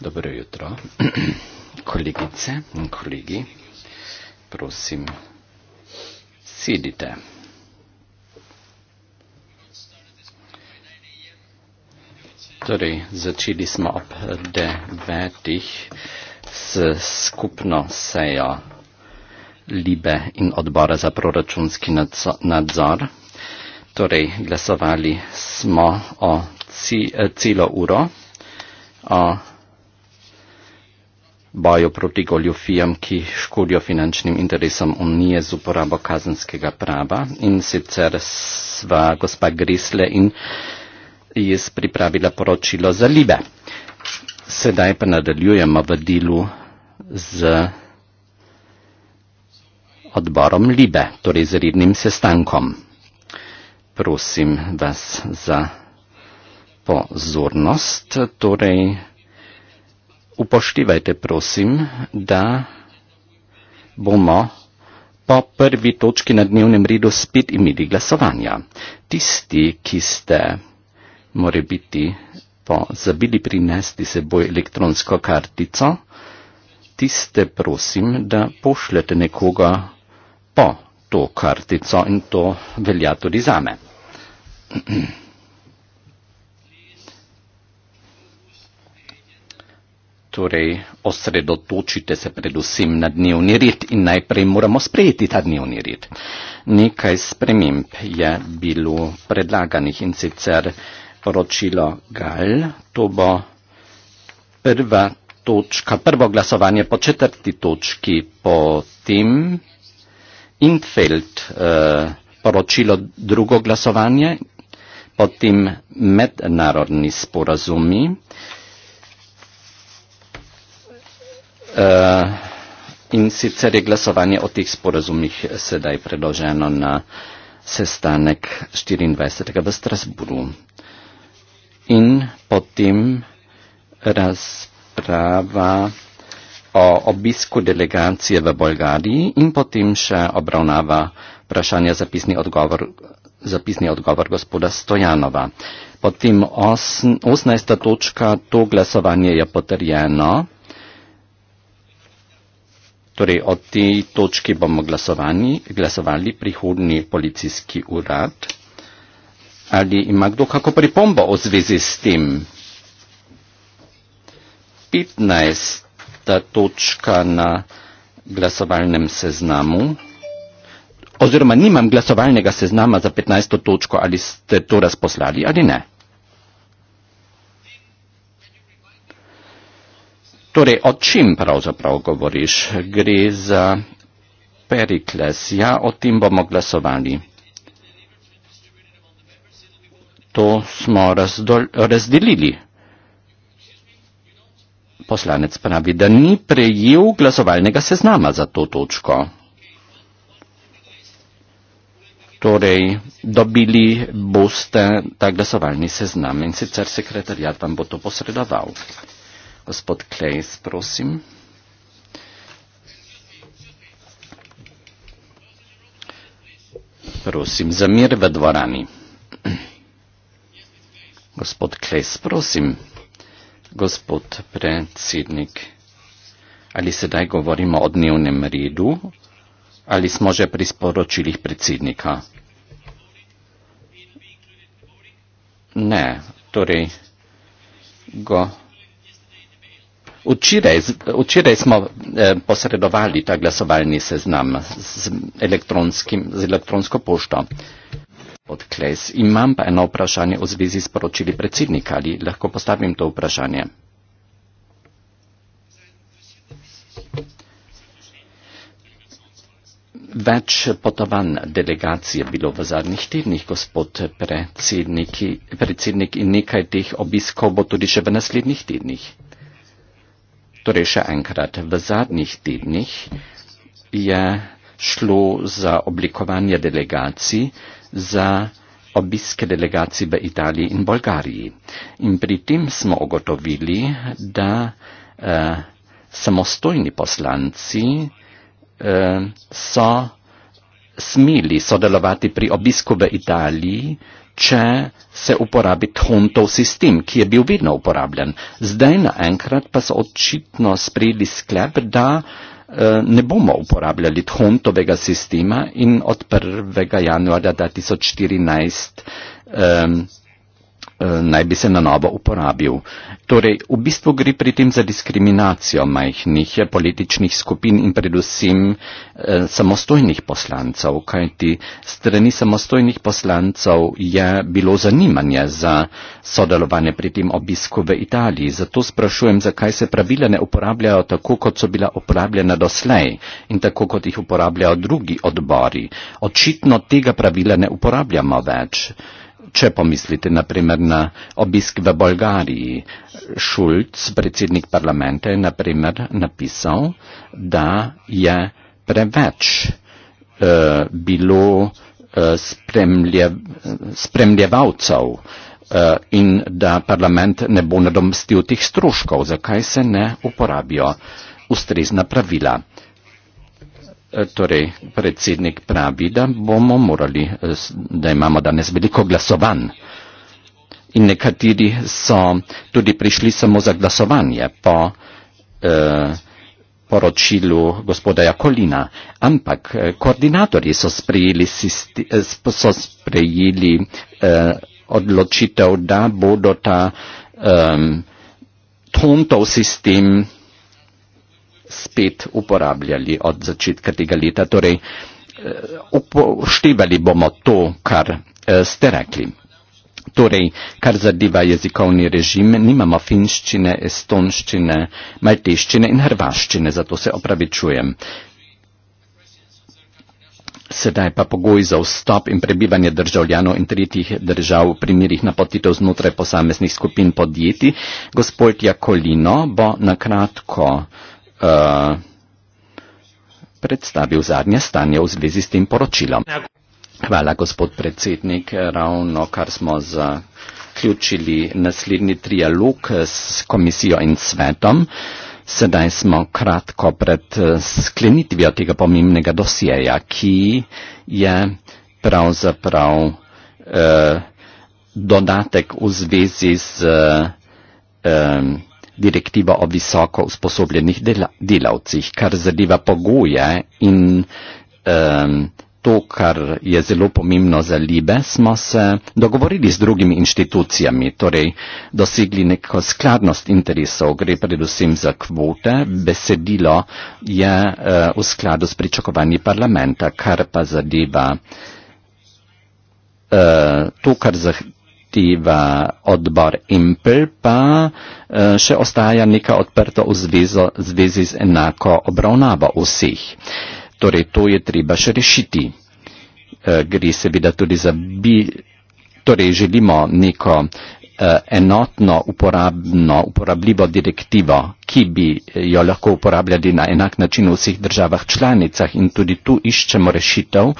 Dobro jutro, kolegice in kolegi. Prosim, sedite. Torej, začeli smo ob devetih s skupno sejo Libe in odbora za proračunski nadzor. nadzor. Torej, glasovali smo o eh, celo uro, o boju proti goljofijam, ki škodijo finančnim interesom Unije z uporabo kazenskega prava. In sicer sva gospa Grisle in je pripravila poročilo za Libe. Sedaj pa nadaljujemo v delu z odborom Libe, torej z rednim sestankom prosim vas za pozornost. Torej, upoštevajte prosim, da bomo po prvi točki na dnevnem redu spet imeli glasovanja. Tisti, ki ste more biti pozabili prinesti seboj elektronsko kartico, tiste prosim, da pošljete nekoga po to kartico in to velja tudi zame. Torej, osredotočite se predvsem na dnevni red in najprej moramo sprejeti ta dnevni red. Nekaj sprememb je bilo predlaganih in sicer poročilo GAL, to bo prva točka, prvo glasovanje po četrti točki, potem Intfeld eh, poročilo drugo glasovanje, potem mednarodni sporazumi, eh, in sicer je glasovanje o teh sporazumih sedaj predloženo na sestanek 24. v Strasburu. In potem razprava o obisku delegacije v Bolgariji in potem še obravnava vprašanja zapisni odgovor, zapisni odgovor gospoda Stojanova. Potem 18. točka, to glasovanje je potrjeno. Torej od te točke bomo glasovali, glasovali prihodni policijski urad. Ali ima kdo kako pripombo v zvezi s tem? 15 ta točka na glasovalnem seznamu. Oziroma, nimam glasovalnega seznama za 15. točko, ali ste to razposlali ali ne. Torej, o čem pravzaprav govoriš? Gre za Perikles. Ja, o tem bomo glasovali. To smo razdol, razdelili. Poslanec pravi, da ni prejel glasovalnega seznama za to točko. Torej, dobili boste ta glasovalni seznam in sicer sekretarjat vam bo to posredoval. Gospod Klejs, prosim. Prosim, za mir v dvorani. Gospod Klejs, prosim gospod predsednik. Ali sedaj govorimo o dnevnem redu ali smo že pri sporočilih predsednika? Ne, torej. Go. Včeraj, včeraj smo eh, posredovali ta glasovalni seznam z, elektronskim, z elektronsko pošto odkles. Imam pa eno vprašanje v zvezi s poročili predsednika, ali lahko postavim to vprašanje. Več potovanj delegacije bilo v zadnjih tednih, gospod predsednik, predsednik, in nekaj teh obiskov bo tudi še v naslednjih tednih. Torej še enkrat, v zadnjih tednih je šlo za oblikovanje delegacij, za obiske delegacij v Italiji in Bolgariji. In pri tem smo ogotovili, da eh, samostojni poslanci eh, so smeli sodelovati pri obisku v Italiji, če se uporabi Tontov sistem, ki je bil vedno uporabljen. Zdaj naenkrat pa so očitno sprejeli sklep, da eh, Eh, ne bomo uporabljali tontovega sistema in od 1. januarja 2014 um, Eh, naj bi se na novo uporabil. Torej, v bistvu gre pri tem za diskriminacijo majhnih političnih skupin in predvsem eh, samostojnih poslancev, kajti strani samostojnih poslancev je bilo zanimanje za sodelovanje pri tem obisku v Italiji. Zato sprašujem, zakaj se pravila ne uporabljajo tako, kot so bila uporabljena doslej in tako, kot jih uporabljajo drugi odbori. Očitno tega pravila ne uporabljamo več. Če pomislite naprimer na obisk v Bolgariji, Šulc, predsednik parlamenta, je naprimer napisal, da je preveč uh, bilo uh, spremlje, spremljevalcev uh, in da parlament ne bo nadomestil teh stroškov, zakaj se ne uporabijo ustrezna pravila. Torej, predsednik pravi, da bomo morali, da imamo danes veliko glasovanj. In nekateri so tudi prišli samo za glasovanje po eh, poročilu gospoda Jakolina. Ampak eh, koordinatorji so sprejeli, eh, so sprejeli eh, odločitev, da bodo ta eh, tontov sistem spet uporabljali od začetka tega leta. Torej, eh, upoštevali bomo to, kar eh, ste rekli. Torej, kar zadeva jezikovni režim, nimamo finščine, estonščine, malteščine in hrvaščine, zato se opravičujem. Sedaj pa pogoj za vstop in prebivanje državljanov in tretjih držav v primerih napotitev znotraj posameznih skupin podjetij. Gospod Jakolino bo nakratko uh, predstavil zadnje stanje v zvezi s tem poročilom. Hvala, gospod predsednik. Ravno kar smo zaključili naslednji trialog s komisijo in svetom. Sedaj smo kratko pred sklenitvijo tega pomembnega dosjeja, ki je pravzaprav eh, dodatek v zvezi z eh, direktiva o visoko usposobljenih dela, delavcih, kar zadeva pogoje in um, to, kar je zelo pomembno za Libe, smo se dogovorili z drugimi inštitucijami, torej dosegli neko skladnost interesov, gre predvsem za kvote, besedilo je uh, v skladu s pričakovanji parlamenta, kar pa zadeva uh, to, kar zahteva kolektiva odbor impel pa eh, še ostaja neka odprta v zvezi z enako obravnavo vseh. Torej, to je treba še rešiti. Eh, gre seveda tudi za bi, torej želimo neko Eh, enotno uporabno, uporabljivo direktivo, ki bi eh, jo lahko uporabljali na enak način v vseh državah članicah in tudi tu iščemo rešitev,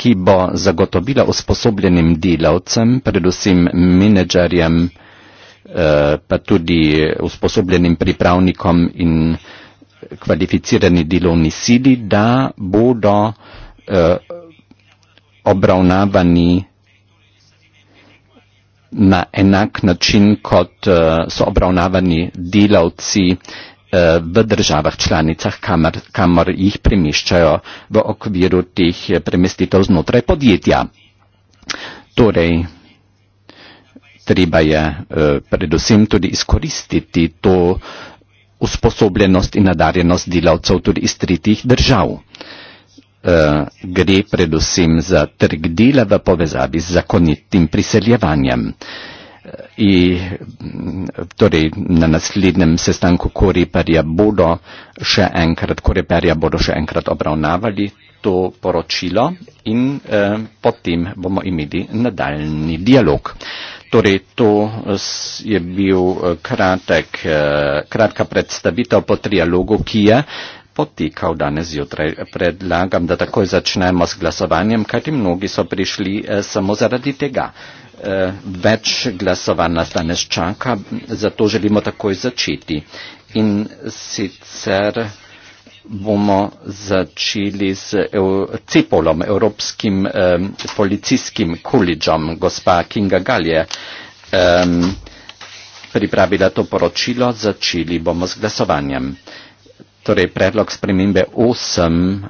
ki bo zagotovila usposobljenim delavcem, predvsem menedžerjem, eh, pa tudi usposobljenim pripravnikom in kvalificirani delovni sili, da bodo obravnavani na enak način, kot eh, so obravnavani delavci eh, v državah članicah, kamar, kamor jih premiščajo v okviru teh eh, premestitev znotraj podjetja. Torej, treba je predvsem tudi izkoristiti to usposobljenost in nadarjenost delavcev tudi iz tretjih držav. Eh, gre predvsem za trg dela v povezavi z zakonitim priseljevanjem. Eh, I, mm, torej, na naslednjem sestanku Koreperja bodo še enkrat, Koreperja bodo še enkrat obravnavali to poročilo in eh, potem bomo imeli nadaljni dialog. Torej, to je bil eh, kratek, kratka predstavitev po trialogu, ki je eh, potekal danes jutraj. Predlagam, da takoj začnemo s glasovanjem, kajti mnogi so prišli eh, samo zaradi tega. Eh, več glasovanj nas danes čaka, zato želimo takoj začeti. In sicer bomo začeli s Cipolom, Evropskim policijskim koledžom. Gospa Kinga Gal je pripravila to poročilo, začeli bomo s glasovanjem. Torej, predlog spremembe 8,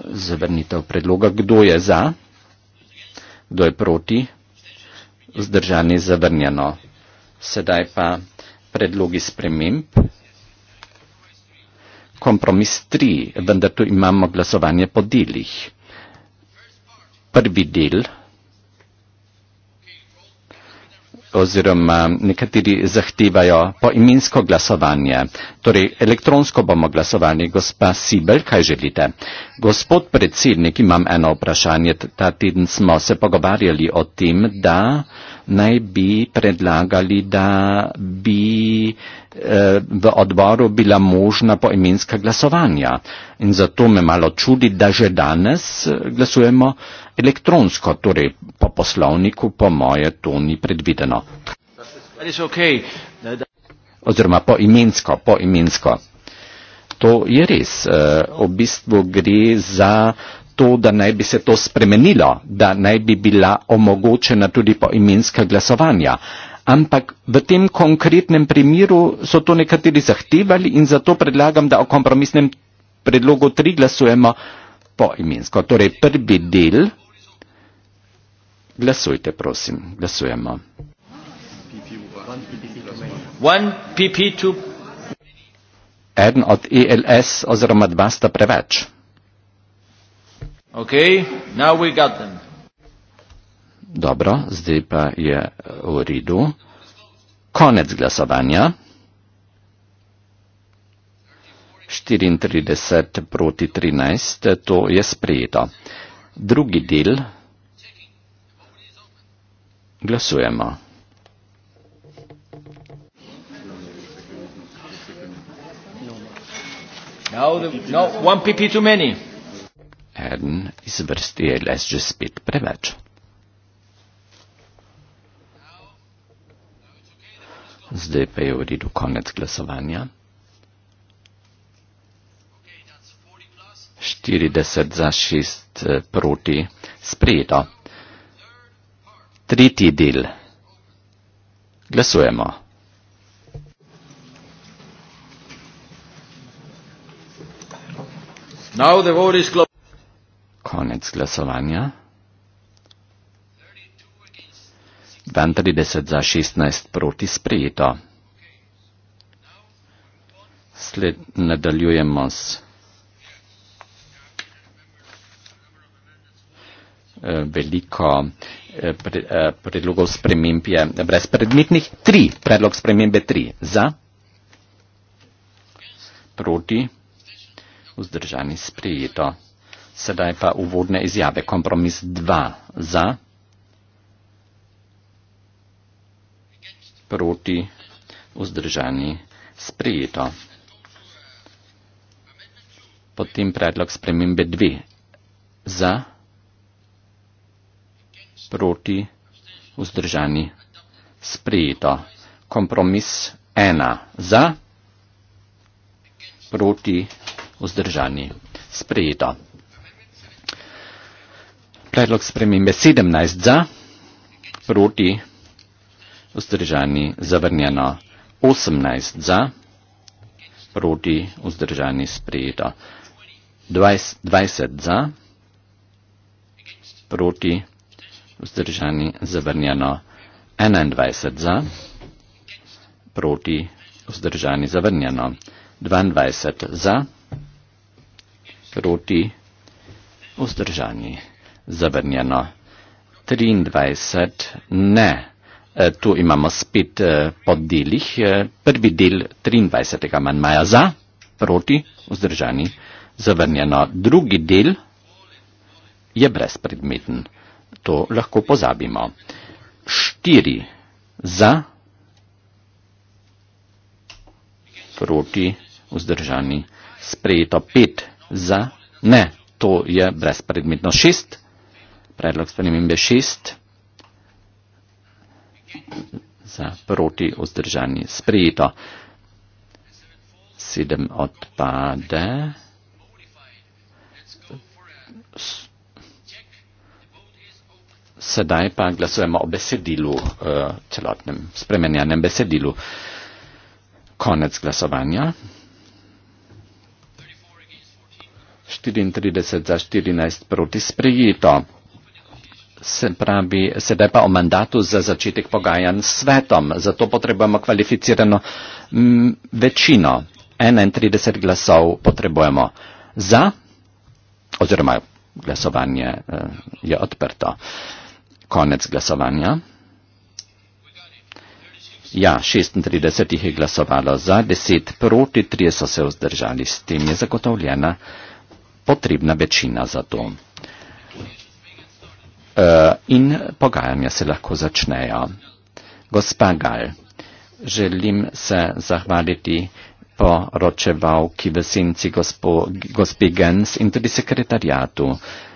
zavrnitev predloga. Kdo je za? Kdo je proti? Zdržani zavrnjeno. Sedaj pa predlogi sprememb. Kompromis 3, vendar tu imamo glasovanje po delih. Prvi del. oziroma nekateri zahtevajo poimensko glasovanje, torej elektronsko bomo glasovali. Gospa Sibel, kaj želite? Gospod predsednik, imam eno vprašanje. Ta teden smo se pogovarjali o tem, da naj bi predlagali, da bi eh, v odboru bila možna poimenska glasovanja. In zato me malo čudi, da že danes glasujemo elektronsko, torej po poslovniku, po moje, to ni predvideno. Okay. Da, da. Oziroma po imensko, po imensko. To je res. Eh, v bistvu gre za to, da naj bi se to spremenilo, da naj bi bila omogočena tudi po imenska glasovanja. Ampak v tem konkretnem primeru so to nekateri zahtevali in zato predlagam, da o kompromisnem predlogu tri glasujemo po imensko. Torej prvi del Glasujte, prosim. Glasujemo. En od ELS oziroma dva sta preveč. Dobro, zdaj pa je eh, v redu. Konec glasovanja. 34 proti 13, eh, to je sprejeto. Drugi del. Glasujemo. Eden no, iz vrsti je les že spet preveč. Zdaj pa je v redu konec glasovanja. 40 za 6 eh, proti sprejeto. Tretji del. Glasujemo. Konec glasovanja. 32 za 16 proti sprejeto. Sled nadaljujemo s eh, veliko Eh, eh, predlogov sprememb je brezpredmetnih. Tri, predlog spremembe tri. Za, proti, vzdržani sprejeto. Sedaj pa uvodne izjave. Kompromis dva. Za, proti, vzdržani sprejeto. Potem predlog spremembe dve. Za, proti, vzdržani sprejeto proti vzdržani sprejeto. Kompromis ena za proti vzdržani sprejeto. Predlog spremembe 17 za proti vzdržani zavrnjeno 18 za proti vzdržani sprejeto 20, 20 za proti vzdržani vzdržani, zavrnjeno 21 za, proti vzdržani, zavrnjeno 22 za, proti vzdržani, zavrnjeno 23 ne. E, tu imamo spet e, po delih e, prvi del 23. manjmaja za, proti vzdržani, zavrnjeno drugi del je brezpredmeten to lahko pozabimo. Štiri za, proti, vzdržani, sprejeto pet za, ne, to je brezpredmetno šest, predlog spremembe šest za, proti, vzdržani, sprejeto. Sedem odpade. Sedaj pa glasujemo o besedilu, eh, celotnem spremenjenem besedilu. Konec glasovanja. 34 za 14 proti sprejito. Se pravi, sedaj pa o mandatu za začetek pogajanj s svetom. Zato potrebujemo kvalificirano m, večino. 31 glasov potrebujemo za, oziroma glasovanje eh, je odprto. Konec glasovanja. Ja, 36 jih je glasovalo za, 10 proti, 3 so se vzdržali. S tem je zagotovljena potrebna večina za to. E, in pogajanja se lahko začnejo. Gospa Gal, želim se zahvaliti poročevalki v senci gospo, gospe Gens in tudi sekretarjatu. E,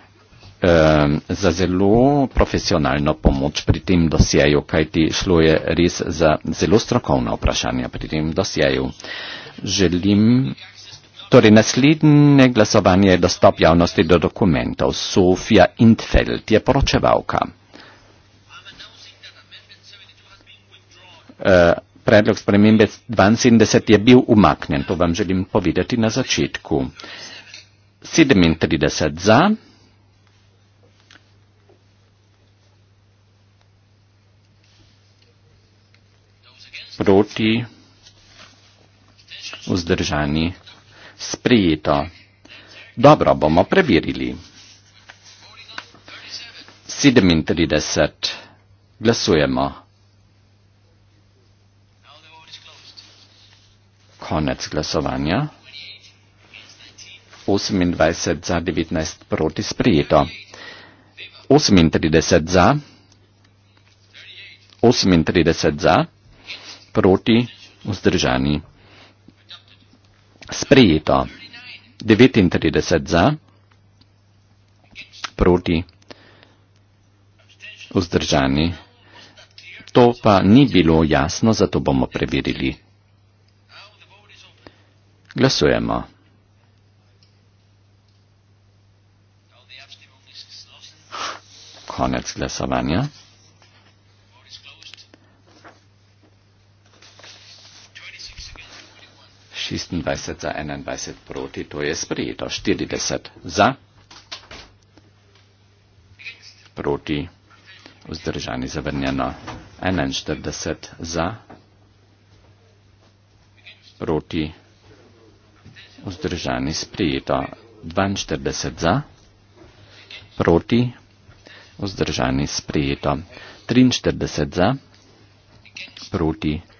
eh, za zelo profesionalno pomoč pri tem dosjeju, kajti šlo je res za zelo strokovna vprašanja pri tem dosjeju. Želim. Torej, naslednje glasovanje je dostop javnosti do dokumentov. Sofia Intfeld je poročevalka. Predlog spremembe 72 je bil umaknen, to vam želim povedati na začetku. 37 za, proti vzdržani sprejeto. Dobro, bomo preverili. 37. Glasujemo. Konec glasovanja. 28 za 19 proti sprejeto. 38 za. 38 za proti vzdržani. Sprejeto. 39 za, proti vzdržani. To pa ni bilo jasno, zato bomo preverili. Glasujemo. Konec glasovanja. 26 za 21 proti, to je sprejeto. 40 za, proti, vzdržani zavrnjeno. 41 za, proti, vzdržani sprejeto. 42 za, proti, vzdržani sprejeto. 43 za, proti, vzdržani sprejeto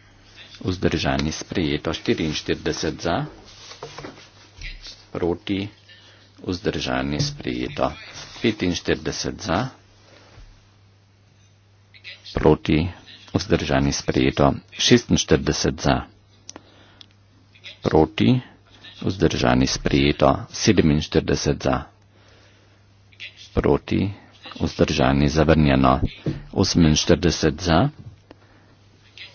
vzdržani sprejeto 44 za, proti vzdržani sprejeto 45 za, proti vzdržani sprejeto 46 za, proti vzdržani sprejeto 47 za, proti vzdržani zavrnjeno 48 za,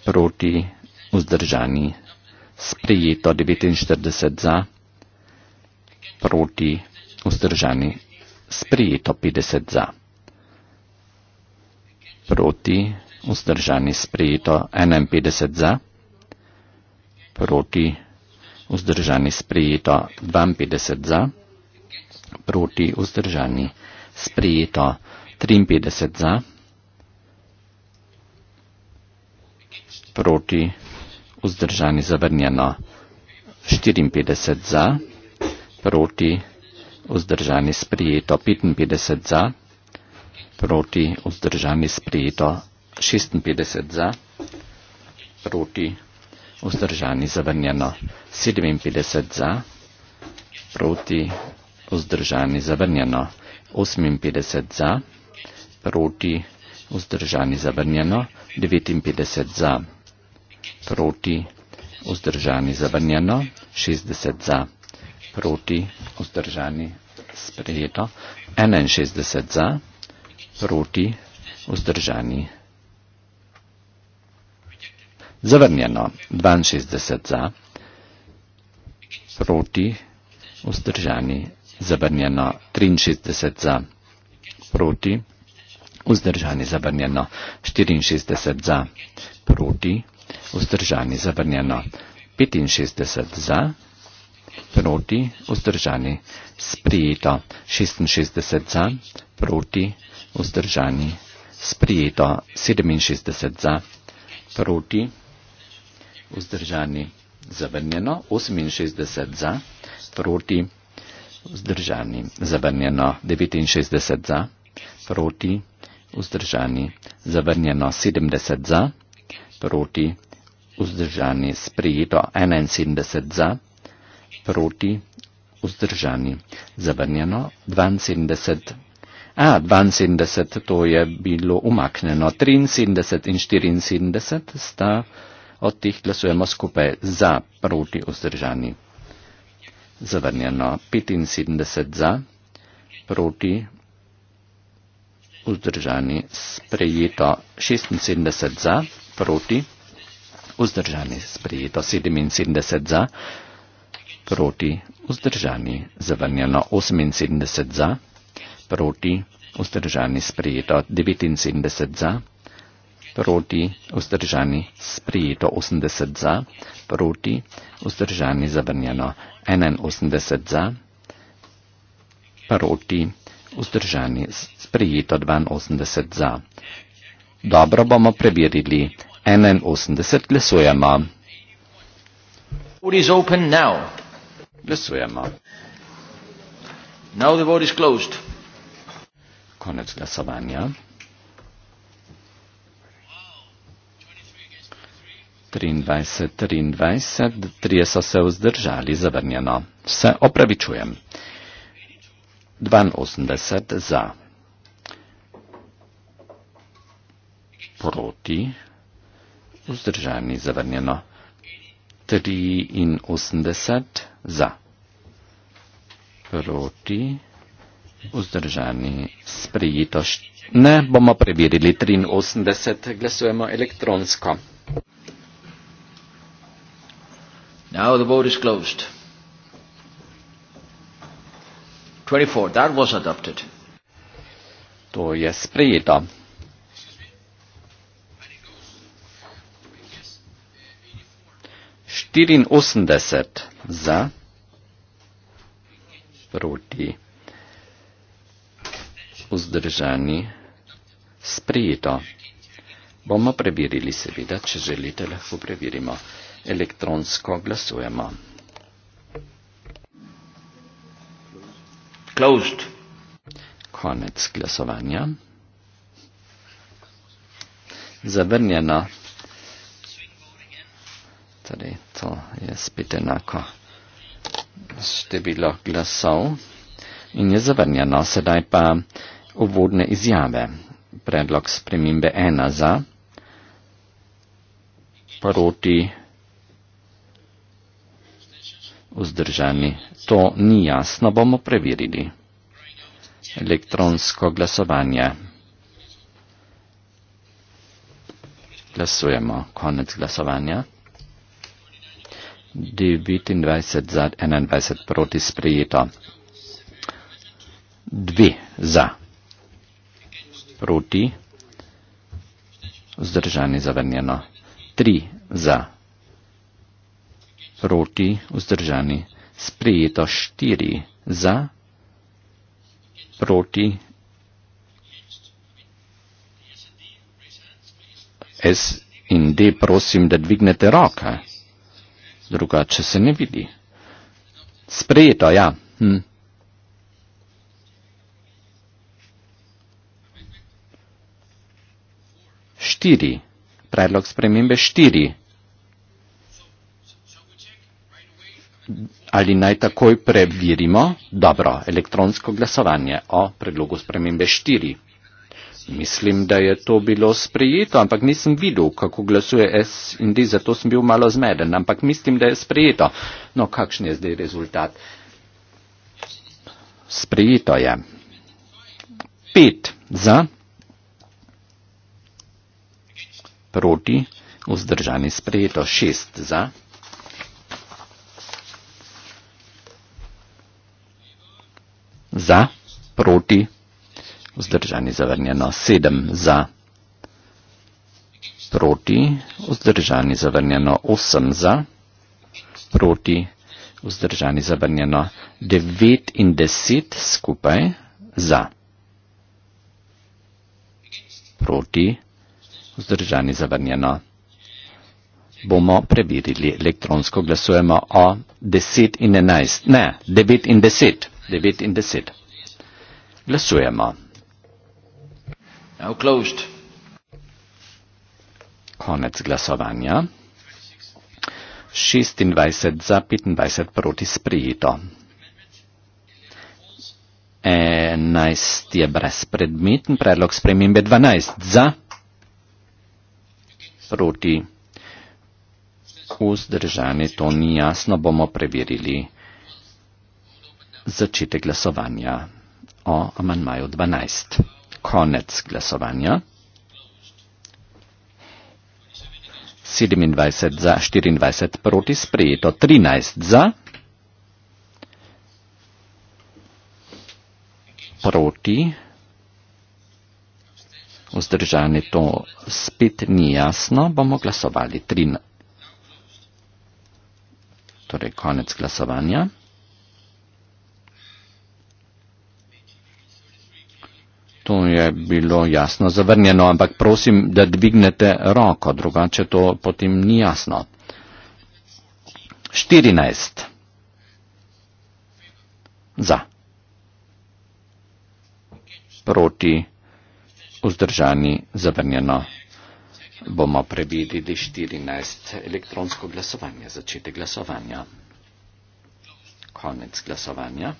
proti vzdržani sprejeto 48 za, vzdržani. Sprejeto 49 za, proti vzdržani. Sprejeto 50 za, proti vzdržani. Sprejeto 51 za, proti vzdržani. Sprejeto 52 za, proti vzdržani. Sprejeto 53 za, proti vzdržani vzdržani zavrnjeno. 54 za, proti vzdržani sprijeto 55 za, proti vzdržani sprijeto 56 za, proti vzdržani zavrnjeno 57 za, proti vzdržani zavrnjeno 58 za, proti vzdržani zavrnjeno 59 za proti, vzdržani, zavrnjeno, 60 za, proti, vzdržani, sprejeto, 61 za, proti, vzdržani, zavrnjeno, 62 za, proti, vzdržani, zavrnjeno, 63 za, proti, vzdržani, zavrnjeno, 64 za, proti, vzdržani, vzdržani zabrnjeno. 65 za, proti, vzdržani sprijeto. 66 za, proti, vzdržani sprijeto. 67 za, proti, vzdržani zabrnjeno. 68 za, proti, vzdržani zabrnjeno. 69 za, proti, vzdržani zabrnjeno. 70 za, proti, vzdržani zabrnjeno vzdržani, sprejeto 71 za, proti vzdržani, zavrnjeno 72. A, 72 to je bilo umaknjeno, 73 in 74 sta od teh glasujemo skupaj za, proti vzdržani, zavrnjeno 75 za, proti vzdržani, sprejeto 76 za, proti vzdržani vzdržani, sprejeto 77 za, proti vzdržani, zavrnjeno 78 za, proti vzdržani, sprejeto 79 za, proti vzdržani, sprejeto 80 za, proti vzdržani, zavrnjeno 81 za, proti vzdržani, sprejeto 82 za. Dobro bomo preverili 81 glasujemo. Vod je open now. Glasujemo. Now the vote is closed. Konec glasovanja. 23, 23, trije so se vzdržali, zavrnjeno. Se opravičujem. 82 za. Proti vzdržani zavrnjeno. 83 za. Proti. Vzdržani sprejeto. Ne, bomo preverili 83, glasujemo elektronsko. Now the vote is closed. 24, that was adopted. To je sprejeto. 84 za, proti, vzdržani, sprijeto. Bomo preverili, seveda, če želite, lahko preverimo. Elektronsko glasujemo. Closed. Konec glasovanja. Zavrnjeno. Torej, to je spet enako število glasov in je zavrnjeno. Sedaj pa uvodne izjave. Predlog spremembe ena za, proti, vzdržani. To ni jasno, bomo preverili. Elektronsko glasovanje. Glasujemo. Konec glasovanja. 29 za 21 proti sprejeto. Dve za proti vzdržani zavrnjeno. Tri za proti vzdržani sprejeto. Štiri za proti S in D prosim, da dvignete roke drugače se ne vidi. Sprejeto, ja. Hm. Štiri. Predlog spremembe štiri. Ali naj takoj preverimo? Dobro, elektronsko glasovanje o predlogu spremembe štiri. Mislim, da je to bilo sprejeto, ampak nisem videl, kako glasuje SND, zato sem bil malo zmeden, ampak mislim, da je sprejeto. No, kakšen je zdaj rezultat? Sprejeto je. Pet za, proti, vzdržani sprejeto, šest za. Za, proti, vzdržani zavrnjeno, sedem za, proti, vzdržani zavrnjeno, osem za, proti, vzdržani zavrnjeno, devet in deset skupaj za, proti, vzdržani zavrnjeno. Bomo preverili, elektronsko glasujemo o deset in enajst, ne, devet in deset, devet in deset. Glasujemo. Now closed. Konec glasovanja. 26 za, 25 proti sprijeto. 11 je brezpredmeten, predlog spremembe 12 za, proti vzdržani, to ni jasno, bomo preverili začetek glasovanja o amanmaju 12 konec glasovanja. 27 za, 24 proti, sprejeto 13 za, proti, vzdržani to spet ni jasno, bomo glasovali 13. Torej, konec glasovanja. To je bilo jasno zavrnjeno, ampak prosim, da dvignete roko, drugače to potem ni jasno. 14. Za. Proti. Vzdržani. Zavrnjeno. Bomo prebidili 14. Elektronsko glasovanje. Začete glasovanja. Konec glasovanja.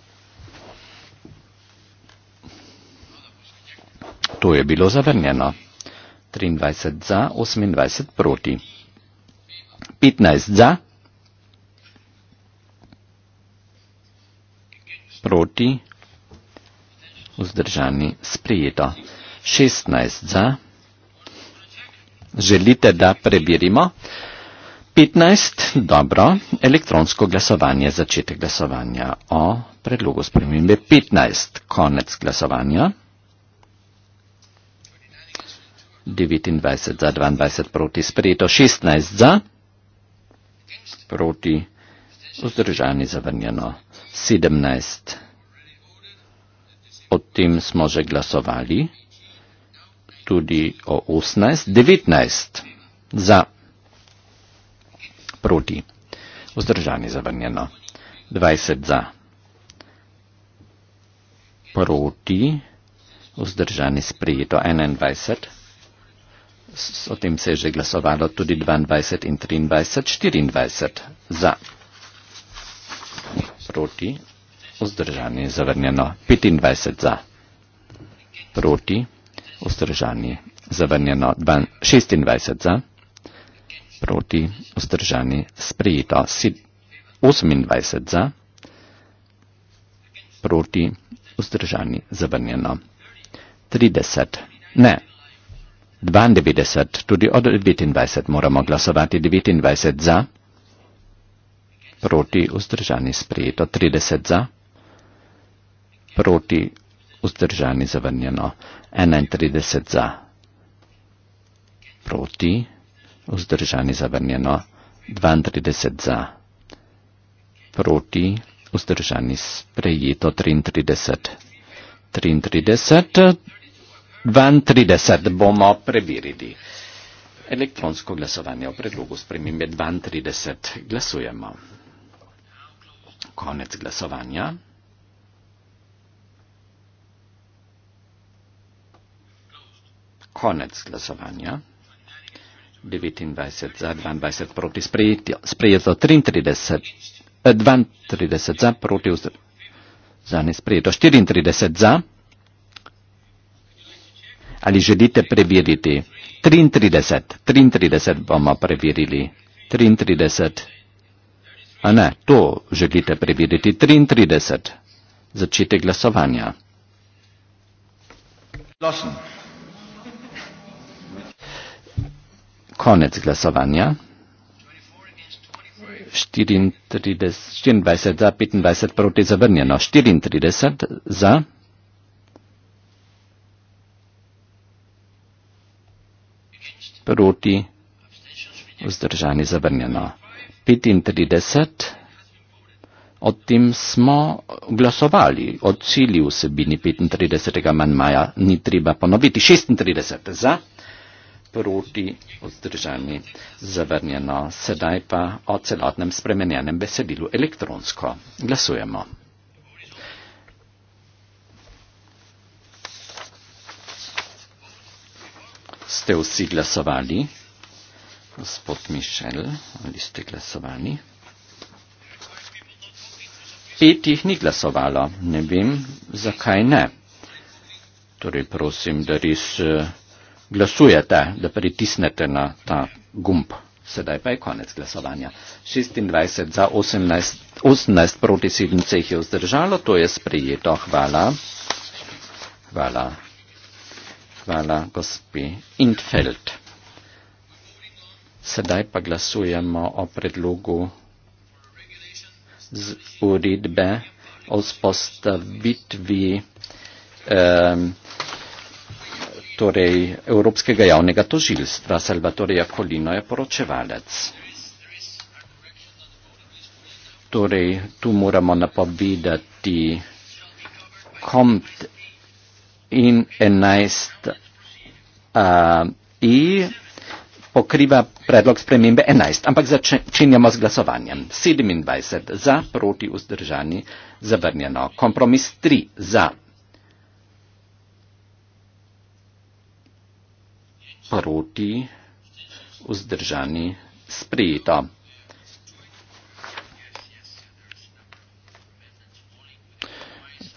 To je bilo zavrnjeno. 23 za, 28 proti. 15 za, proti, vzdržani, sprijeto. 16 za, želite, da preverimo? 15, dobro, elektronsko glasovanje, začetek glasovanja o predlogu spremembe. 15, konec glasovanja. 29 za, 22 proti, sprejeto 16 za, proti, vzdržani zavrnjeno 17. O tem smo že glasovali, tudi o 18, 19 za, proti, vzdržani zavrnjeno 20 za, proti, vzdržani sprejeto 21. O tem se je že glasovalo tudi 22 in 23, 24 za, proti, vzdržanje zavrnjeno, 25 za, proti, vzdržanje zavrnjeno, 26 za, proti, vzdržanje sprejeto, 28 za, proti, vzdržanje zavrnjeno, 30 ne. 92, tudi od 29 moramo glasovati, 29 za, proti vzdržani sprejeto, 30 za, proti vzdržani zavrnjeno, 31 za, proti vzdržani zavrnjeno, 32 za, proti vzdržani sprejeto, 33, 33. 32 bomo preverili. Elektronsko glasovanje o predlogu spremembe 32 glasujemo. Konec glasovanja. Konec glasovanja. 29 za, 22 proti sprejeto, sprejeto 33, eh, 32 za, proti vzdržanje sprejeto 34 za ali želite preveriti? 33, 33 bomo preverili. 33. A ne, to želite preveriti. 33. Začetek glasovanja. Losen. Konec glasovanja. 34, 24 za, 25 proti zavrnjeno. 34 za. proti vzdržani zavrnjeno. 35. O tem smo glasovali, o cilji vsebini 35. manjmaja ni treba ponoviti. 36. Za, proti, vzdržani, zavrnjeno. Sedaj pa o celotnem spremenjenem besedilu elektronsko. Glasujemo. ste vsi glasovali, gospod Mišel, ali ste glasovali? Pet jih ni glasovalo, ne vem, zakaj ne. Torej, prosim, da res eh, glasujete, da pritisnete na ta gumb. Sedaj pa je konec glasovanja. 26 za 18, 18 proti 7 jih je vzdržalo, to je sprejeto. Hvala. Hvala hvala gospi Intfeld. Sedaj pa glasujemo o predlogu z uredbe o spostavitvi eh, torej Evropskega javnega tožilstva. Salvatoreja Kolino je poročevalec. Torej, tu moramo napovedati, kom in 11 uh, i pokriva predlog spremembe 11. Ampak začenjamo z glasovanjem. 27 za, proti vzdržani, zavrnjeno. Kompromis 3 za. Proti vzdržani, sprejeto.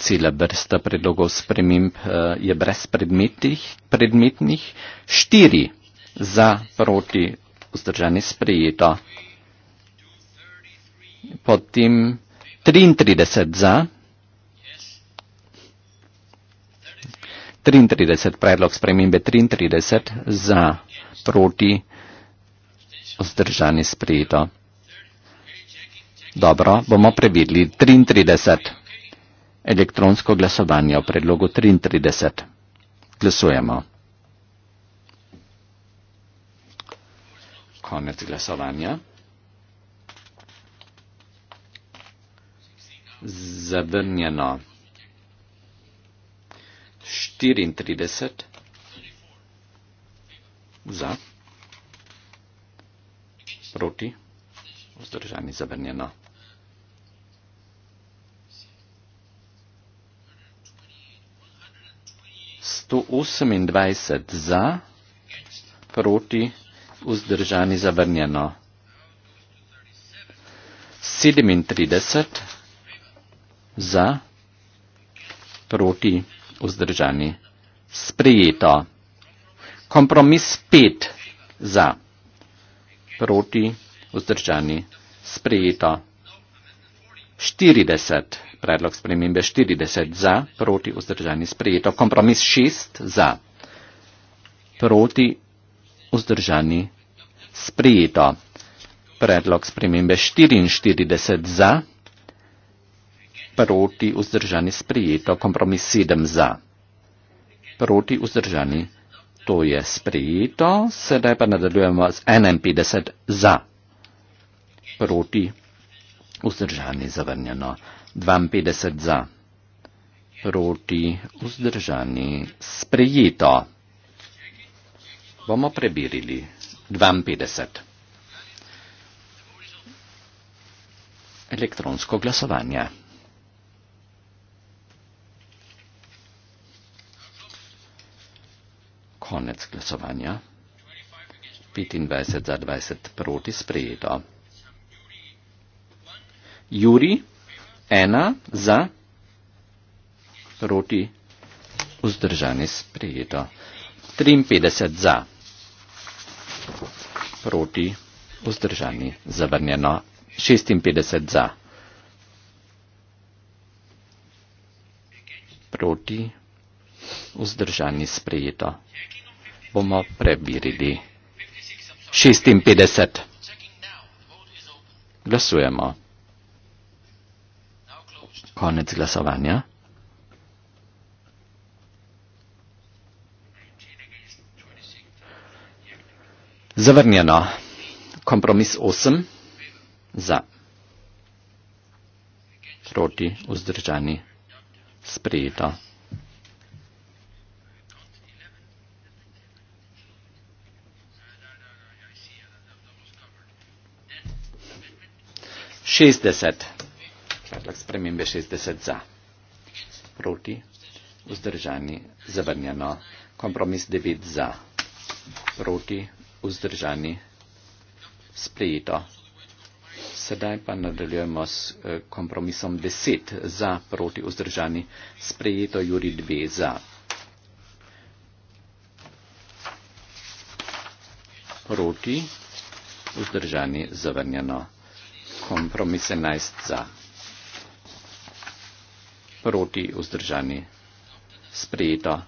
cela vrsta predlogov sprememb eh, je brez predmetnih, štiri za proti vzdržanje sprejeto, potem 33 za, 33 predlog spremembe, 33 za proti vzdržanje sprejeto. Dobro, bomo prevedli 33 elektronsko glasovanje o predlogu 33. Glasujemo. Konec glasovanja. Zavrnjeno 34 za, proti, vzdržani zavrnjeno 128 za, proti, vzdržani zavrnjeno. 37 za, proti, vzdržani. Sprijeto. Kompromis 5 za, proti, vzdržani. Sprijeto. 40, predlog spremembe 40 za, proti vzdržani sprejeto, kompromis 6 za, proti vzdržani sprejeto, predlog spremembe 44 za, proti vzdržani sprejeto, kompromis 7 za, proti vzdržani to je sprejeto, sedaj pa nadaljujemo z 51 za, proti vzdržani sprejeto. Vzdržani zavrnjeno. 52 za. Proti vzdržani sprejeto. Bomo prebirili. 52. Elektronsko glasovanje. Konec glasovanja. 25 za 20 proti sprejeto. Juri, ena za, proti, vzdržani sprejeto. 53 za, proti, vzdržani zavrnjeno. 56 za, proti, vzdržani sprejeto. Bomo prebirili. 56. Glasujemo. Konec glasovanja. Zavrnjeno. Kompromis 8. Za. Proti vzdržani. Sprejeto. Šestdeset predlog spremembe 60 za, proti, vzdržani, zavrnjeno, kompromis 9 za, proti, vzdržani, sprejeto. Sedaj pa nadaljujemo s eh, kompromisom 10 za, proti, vzdržani, sprejeto, juri 2 za. Proti, vzdržani, zavrnjeno. Kompromis 11 za proti vzdržani. Sprejeto.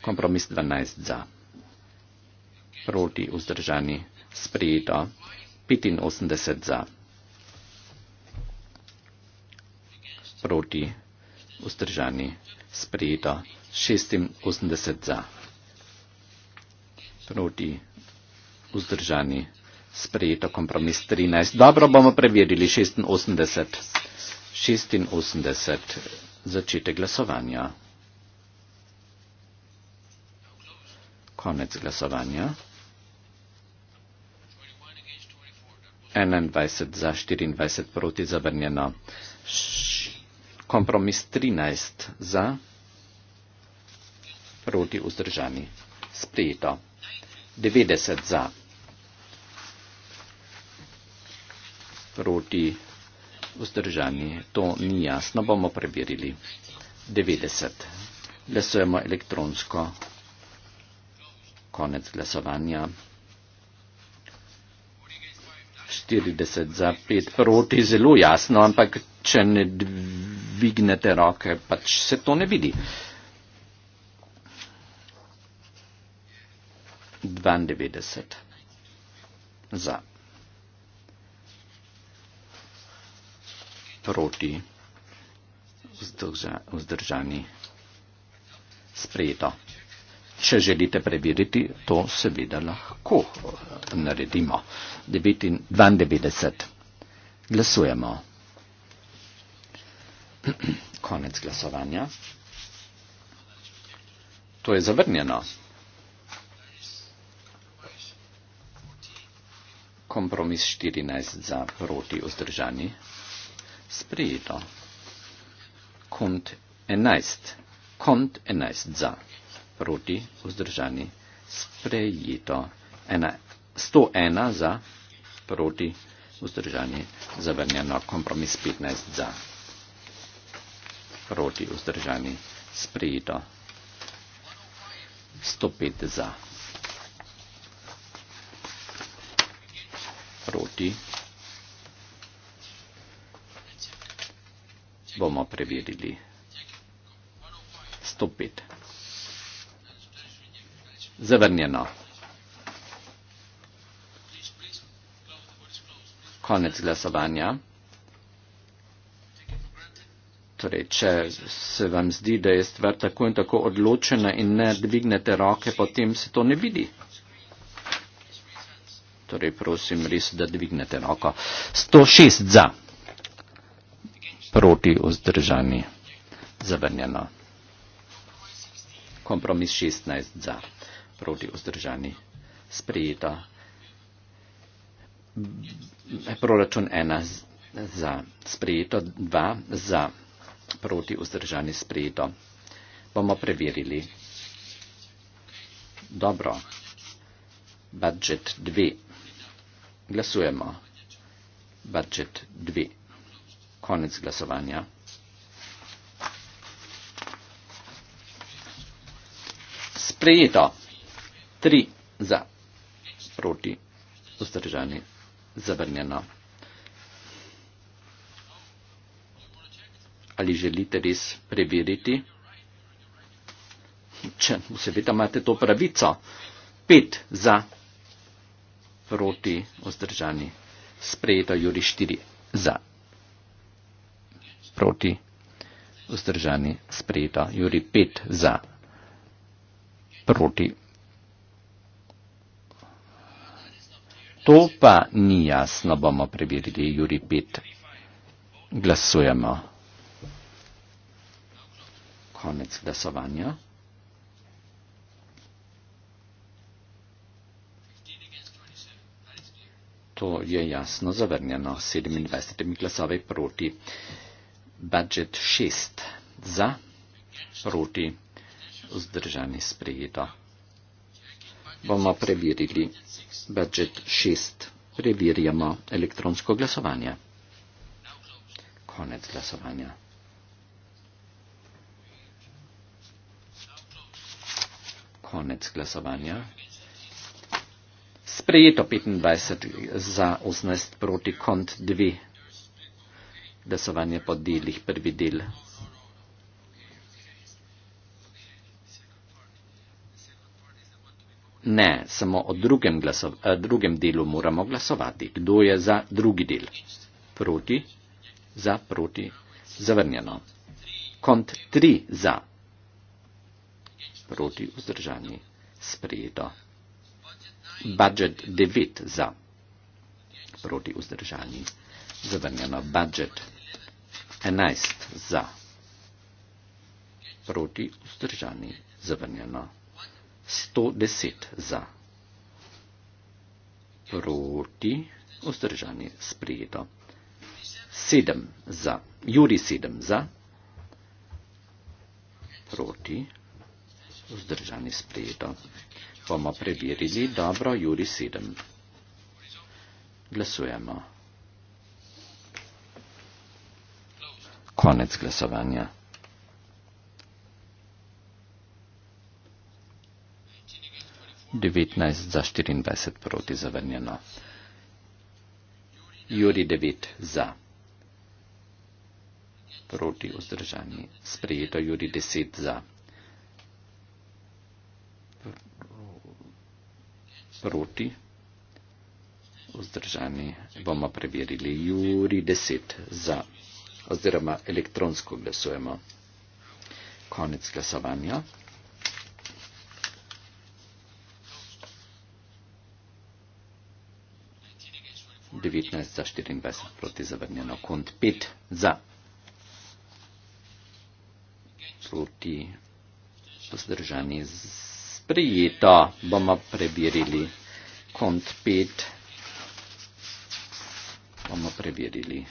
Kompromis 12 za. Proti vzdržani. Sprejeto. 85 za. Proti vzdržani. Sprejeto. 86 za. Proti vzdržani. Sprejeto. Kompromis 13. Dobro bomo preverili. 86. 86 začete glasovanja. Konec glasovanja. 21 za 24 proti zavrnjeno. Kompromis 13 za proti vzdržani. Sprejeto. 90 za proti vzdržani. To ni jasno, bomo preverili. 90. Glasujemo elektronsko. Konec glasovanja. 40 za 5 proti, zelo jasno, ampak če ne dvignete roke, pač se to ne vidi. 92 za proti vzdržani sprejeto. Če želite preveriti, to seveda lahko eh, naredimo. 92. Glasujemo. Konec glasovanja. To je zavrnjeno. Kompromis 14 za proti vzdržani sprejeto. Kont 11. Kont 11 za. Proti, vzdržani, sprejeto. Ena, 101 za. Proti, vzdržani, zavrnjeno. Kompromis 15 za. Proti, vzdržani, sprejeto. 105 za. Proti, vzdržani. bomo preverili. 105. Zavrnjeno. Konec glasovanja. Torej, če se vam zdi, da je stvar tako in tako odločena in ne dvignete roke, potem se to ne vidi. Torej, prosim res, da dvignete roko. 106 za proti vzdržani. Zavrnjeno. Kompromis 16 za proti vzdržani. Sprejeto. Proračun 1 za sprejeto, 2 za proti vzdržani sprejeto. Bomo preverili. Dobro. Budget 2. Glasujemo. Budget 2 konec glasovanja. Sprejeto. Tri za, proti, vzdržani, zabrnjeno. Ali želite res preveriti? Če seveda imate to pravico. Pet za, proti, vzdržani, sprejeto, juri štiri za proti, vzdržani sprejeto, Juri 5 za, proti. To pa ni jasno, bomo preverili, Juri 5. Glasujemo. Konec glasovanja. To je jasno zavrnjeno. 27 glasovi proti budget 6 za proti vzdržani sprejeto. Bomo preverili budget 6. Preverjamo elektronsko glasovanje. Konec glasovanja. Konec glasovanja. Sprejeto 25 za 18 proti kont 2 glasovanje po delih, prvi del. Ne, samo o drugem, glasov, eh, drugem delu moramo glasovati. Kdo je za drugi del? Proti, za, proti, zavrnjeno. Kont tri za, proti, vzdržani, sprejeto. Budget devet za, proti, vzdržani, sprejeto zavrnjeno budžet. 11 za. Proti vzdržani zavrnjeno. 110 za. Proti vzdržani sprejeto. 7 za. Juri 7 za. Proti vzdržani sprejeto. Bomo preverili dobro Juri 7. Glasujemo. konec glasovanja. devetnajst za štiriindvajset proti zavrnjeno. Juri devet za proti vzdržani. Sprejeto Juri deset za proti vzdržani. Bomo preverili Juri deset za proti oziroma elektronsko glasujemo. Konec glasovanja. devetnajst za štiriindvajset proti zavrnjeno kont pet za proti vzdržani sprijeto bomo preverili kont pet bomo preverili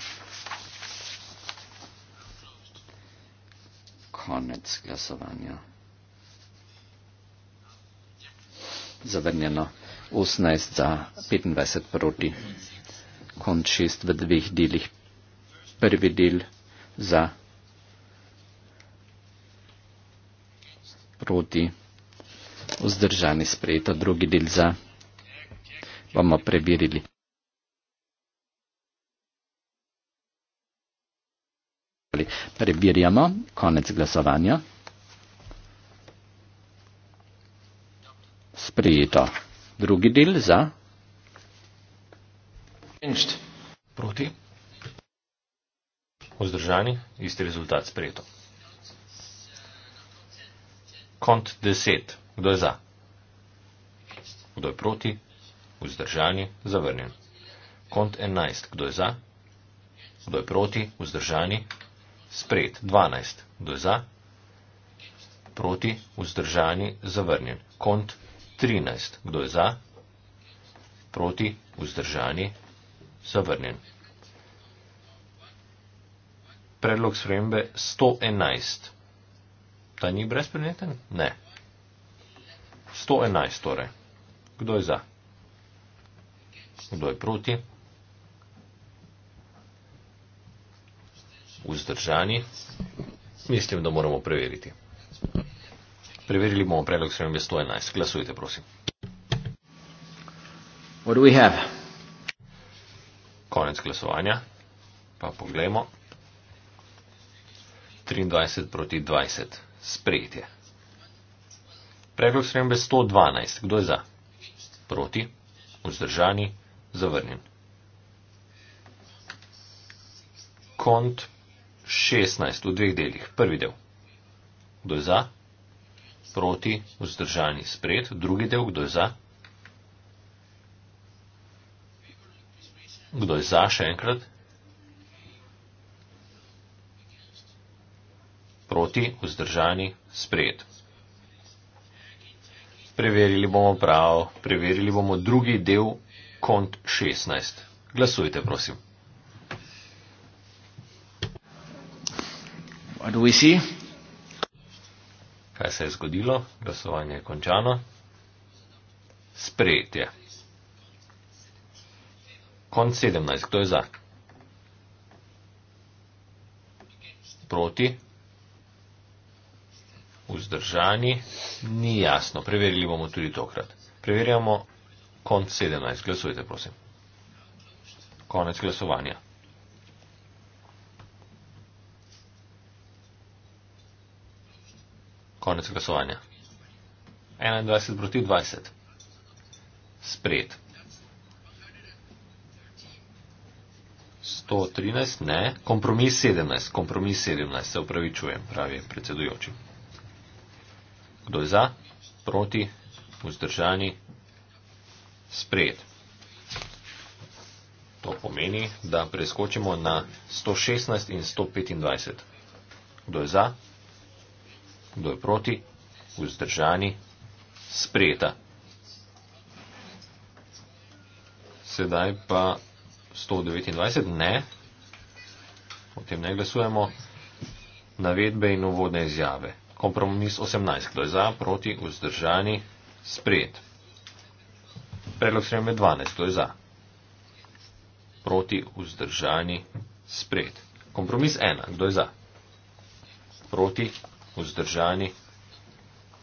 konec glasovanja. Zavrnjeno 18 za 25 proti. Konč 6 v dveh delih. Prvi del za proti. Vzdržani sprejeto. Drugi del za. Bomo preverili. Preverjamo torej, konec glasovanja. Sprejeto. Drugi del za. Proti. Vzdržani. Isti rezultat. Sprejeto. Kont 10. Kdo je za? Kdo je proti? Vzdržani. Zavrnjen. Kont 11. Kdo je za? Kdo je proti? Vzdržani sprejet 12, do za, proti, vzdržani, zavrnjen. Kont 13, kdo je za, proti, vzdržani, zavrnjen. Predlog spremembe 111. Ta ni brezpredmeten? Ne. 111 torej. Kdo je za? Kdo je proti? vzdržani, mislim, da moramo preveriti. Preverili bomo predlog 711. Glasujte, prosim. What do we have? Konec glasovanja. Pa pogledajmo. 23 proti 20. Sprejetje. Predlog sprejembe 112. Kdo je za? Proti. Vzdržani. Zavrnjen. Kont 16 v dveh delih. Prvi del. Kdo je za? Proti, vzdržani, spred. Drugi del. Kdo je za? Kdo je za še enkrat? Proti, vzdržani, spred. Preverili bomo prav, preverili bomo drugi del kont 16. Glasujte, prosim. What do we see? Kaj se je zgodilo? Glasovanje je končano. Sprejetje. Konc 17. Kdo je za? Proti? Vzdržani? Ni jasno. Preverili bomo tudi tokrat. Preverjamo konc 17. Glasujte, prosim. Konec glasovanja. konec glasovanja. 21 proti 20. Sprejet. 113 ne, kompromis 17, kompromis 17, se upravičujem, pravi predsedujoči. Kdo je za, proti, vzdržani, sprejet. To pomeni, da preskočimo na 116 in 125. Kdo je za, kdo je proti, vzdržani, sprejeta. Sedaj pa 129, ne, o tem ne glasujemo, navedbe in uvodne izjave. Kompromis 18, kdo je za, proti, vzdržani, sprejet. Predlog sprejeme 12, kdo je za, proti, vzdržani, sprejet. Kompromis 1, kdo je za, proti, vzdržani,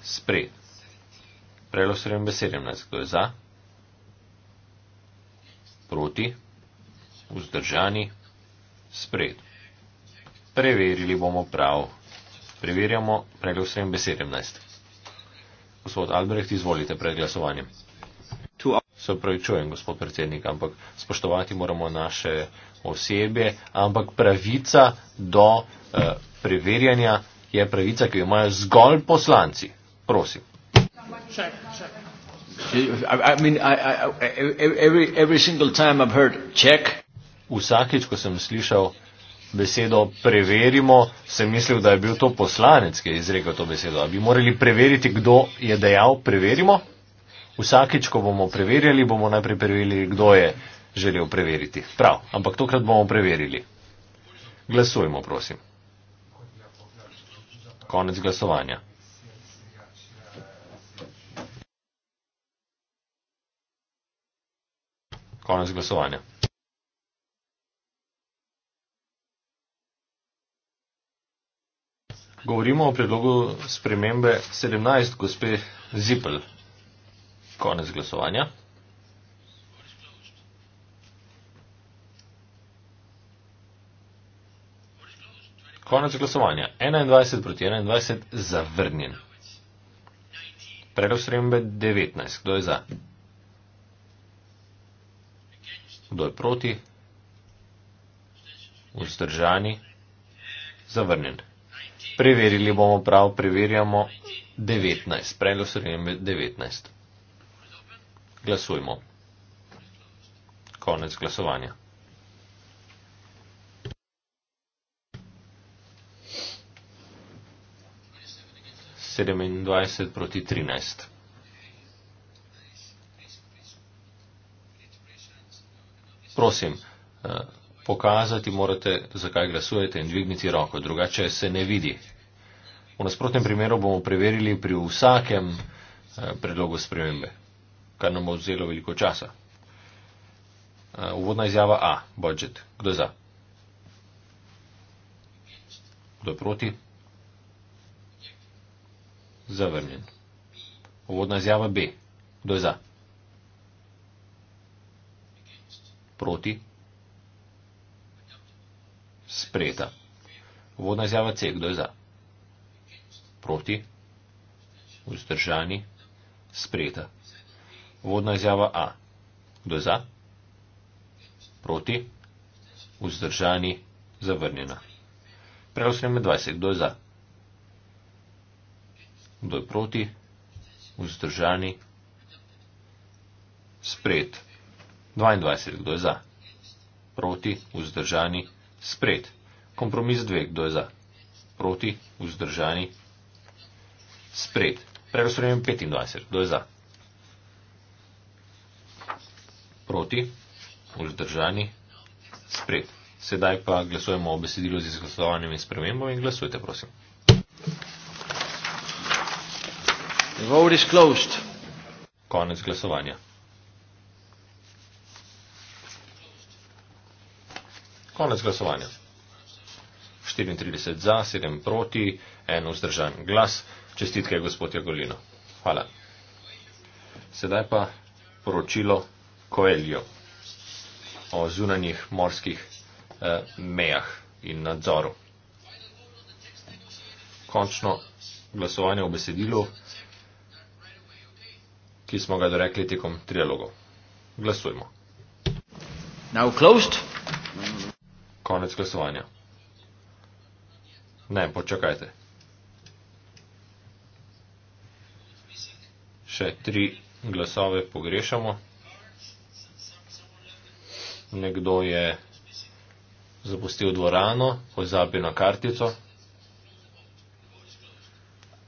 sprejet. Prelosrem B17, kdo je za? Proti, vzdržani, sprejet. Preverili bomo prav. Preverjamo prelosrem B17. Gospod Albrecht, izvolite pred glasovanjem. Se upravičujem, gospod predsednik, ampak spoštovati moramo naše osebe, ampak pravica do uh, preverjanja je pravica, ki jo imajo zgolj poslanci. Prosim. Vsakič, ko sem slišal besedo preverimo, sem mislil, da je bil to poslanec, ki je izrekel to besedo. Ali bi morali preveriti, kdo je dejal preverimo? Vsakič, ko bomo preverjali, bomo najprej preverili, kdo je želel preveriti. Prav, ampak tokrat bomo preverili. Glasujmo, prosim. Konec glasovanja. Konec glasovanja. Govorimo o predlogu spremembe 17 gospe Zipel. Konec glasovanja. Konec glasovanja. 21 proti 21 zavrnjen. Predlog srembe 19. Kdo je za? Kdo je proti? Vzdržani? Zavrnjen. Preverili bomo prav, preverjamo 19. Predlog srembe 19. Glasujmo. Konec glasovanja. 27 proti 13. Prosim, eh, pokazati morate, zakaj glasujete in dvigniti roko, drugače se ne vidi. V nasprotnem primeru bomo preverili pri vsakem eh, predlogu spremembe, kar nam bo vzelo veliko časa. Eh, uvodna izjava A, budget. Kdo je za? Kdo je proti? Zavrnjen. Uvodna izjava B. Kdo je za? Proti? Sprejeta. Uvodna izjava C. Kdo je za? Proti? Vzdržani? Sprejeta. Uvodna izjava A. Kdo je za? Proti? Vzdržani? Zavrnjena. Preostanemo 20. Kdo je za? bodo proti, vzdržani, spred. 22, kdo je za? Proti, vzdržani, spred. Kompromis 2, kdo je za? Proti, vzdržani, spred. Preglasujem 25, kdo je za? Proti, vzdržani, spred. Sedaj pa glasujemo o besedilu z izglasovanjem in spremembo in glasujte, prosim. The vote is closed. Konec glasovanja. Konec glasovanja. 34 za, 7 proti, 1 vzdržan glas. Čestitke, gospod Jagolino. Hvala. Sedaj pa poročilo Koeljo o zunanjih morskih eh, mejah in nadzoru. Končno glasovanje v besedilu ki smo ga dorekli tekom trilogov. Glasujmo. Now closed. Konec glasovanja. Ne, počakajte. Še tri glasove pogrešamo. Nekdo je zapustil dvorano, pozabil na kartico.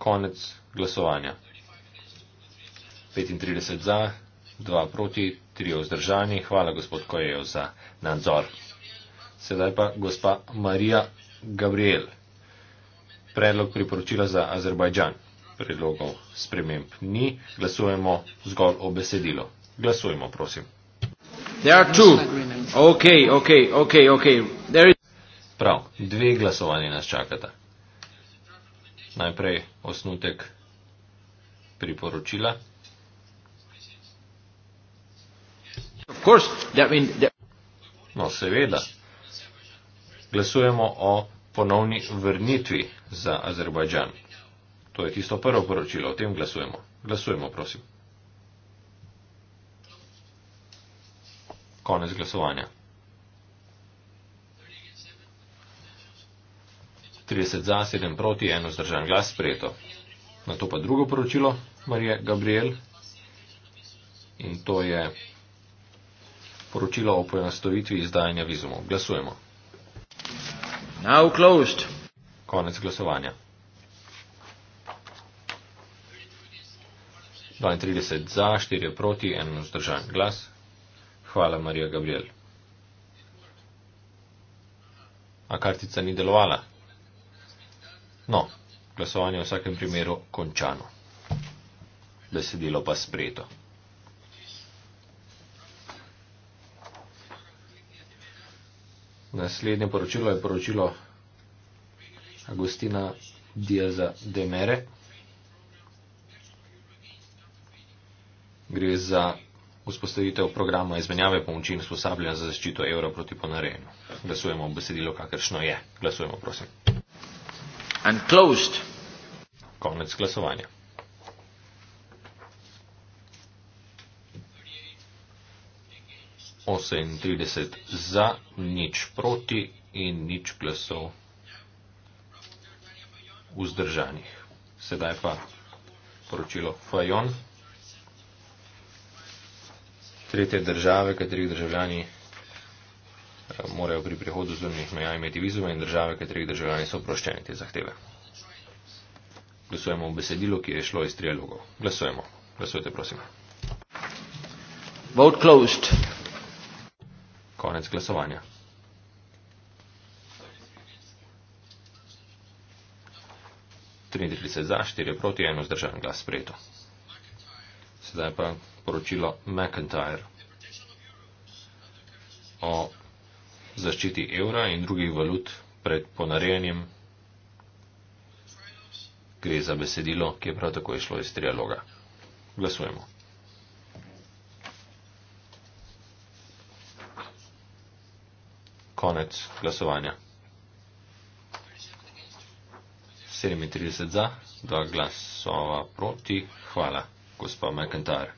Konec glasovanja. 35 za, 2 proti, 3 vzdržani. Hvala gospod Kojejo za nadzor. Sedaj pa gospa Marija Gabriel. Predlog priporočila za Azerbajdžan. Predlogov sprememb ni. Glasujemo zgolj o besedilo. Glasujemo, prosim. Okay, okay, okay, okay. Is... Prav, dve glasovanje nas čakata. Najprej osnutek priporočila. No, seveda, glasujemo o ponovni vrnitvi za Azerbajdžan. To je tisto prvo poročilo, o tem glasujemo. Glasujemo, prosim. Konec glasovanja. 30 za, 7 proti, 1 zdržan glas, sprejeto. Na to pa drugo poročilo, Marija Gabriel. In to je poročilo o poenostavitvi izdajanja vizumov. Glasujemo. Konec glasovanja. 32 za, 4 proti, 1 vzdržan glas. Hvala, Marija Gabriel. A kartica ni delovala? No, glasovanje je v vsakem primeru končano. Besedilo pa sprejeto. Naslednje poročilo je poročilo Agustina Diaza de Mere. Gre za vzpostavitev programa izmenjave pomoči in usposabljanja za zaščito evra proti ponarejenju. Glasujemo v besedilo, kakršno je. Glasujemo, prosim. Konec glasovanja. 38 za, nič proti in nič glasov vzdržanih. Sedaj pa poročilo Fajon. Tretje države, katerih državljani eh, morajo pri prihodu zunanjih meja imeti vizume in države, katerih državljani so oproščeni te zahteve. Glasujemo v besedilo, ki je šlo iz trialogov. Glasujemo. Glasujte, prosim. Vote closed. Konec glasovanja. za, 4 proti, 1 zdržan glas preto. Sedaj pa poročilo McIntyre o zaščiti evra in drugih valut pred ponarejanjem. Gre za besedilo, ki je prav tako išlo iz trialoga. Glasujemo. konec glasovanja. 37 za, 2 glasova proti, hvala, gospa McIntyre.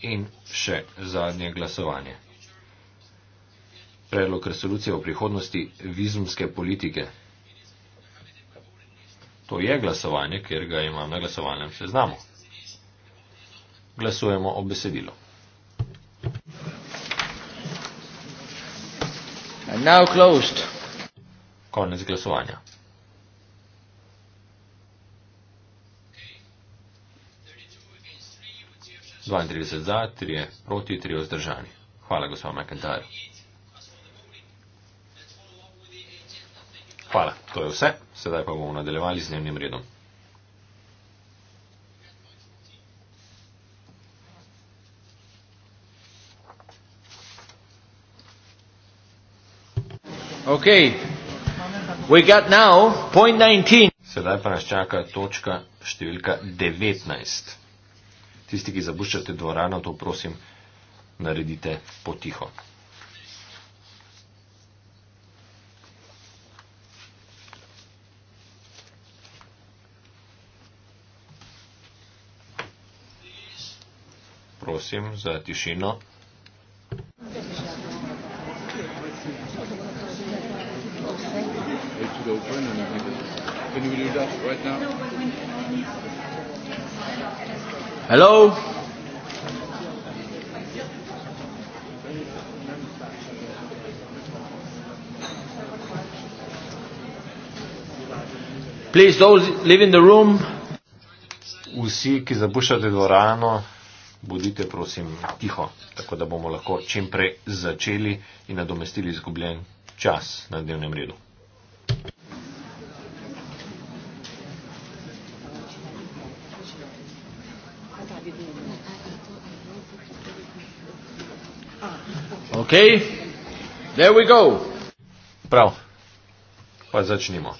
In še zadnje glasovanje. Predlog resolucije o prihodnosti vizumske politike. To je glasovanje, ker ga imam na glasovalnem seznamu. Glasujemo o besedilo. And now closed. Konec glasovanja. Dvaindrideset za, tri je proti, tri je vzdržani. Hvala, gospod McIntyre. Hvala, to je vse. Sedaj pa bomo nadaljevali z dnevnim redom. Okay. We got now point 19. Sedaj pa nas čaka točka številka 19. Tisti, ki zabuščate dvorano, to prosim, naredite potiho. Prosim za tišino. Can we do that right now? Hello? Please, those in the room. Vsi, ki zapuščate dvorano, bodite prosim tiho, tako da bomo lahko čimprej začeli in nadomestili izgubljen čas na dnevnem redu. Ok, there we go. Prav, pa začnimo.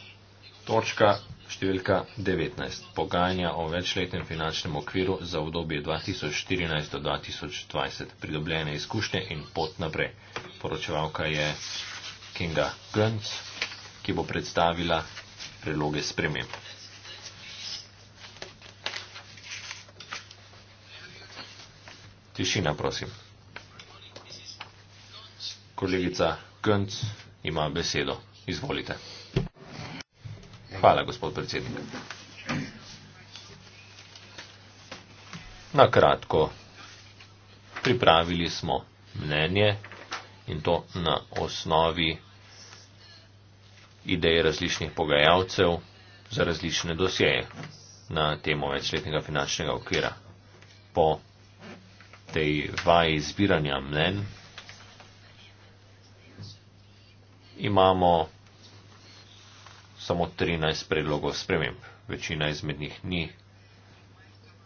Točka številka 19. Pogajanja o večletnem finančnem okviru za obdobje 2014 do 2020. Pridobljene izkušnje in pot naprej. Poročevalka je Kinga Gönc, ki bo predstavila predloge sprememb. Tišina, prosim. Kolegica Gönc ima besedo. Izvolite. Hvala, gospod predsednik. Na kratko, pripravili smo mnenje in to na osnovi idej različnih pogajalcev za različne dosjeje na temo večletnega finančnega okvira. Po tej vaji zbiranja mnen imamo samo 13 predlogov sprememb. Večina izmed njih ni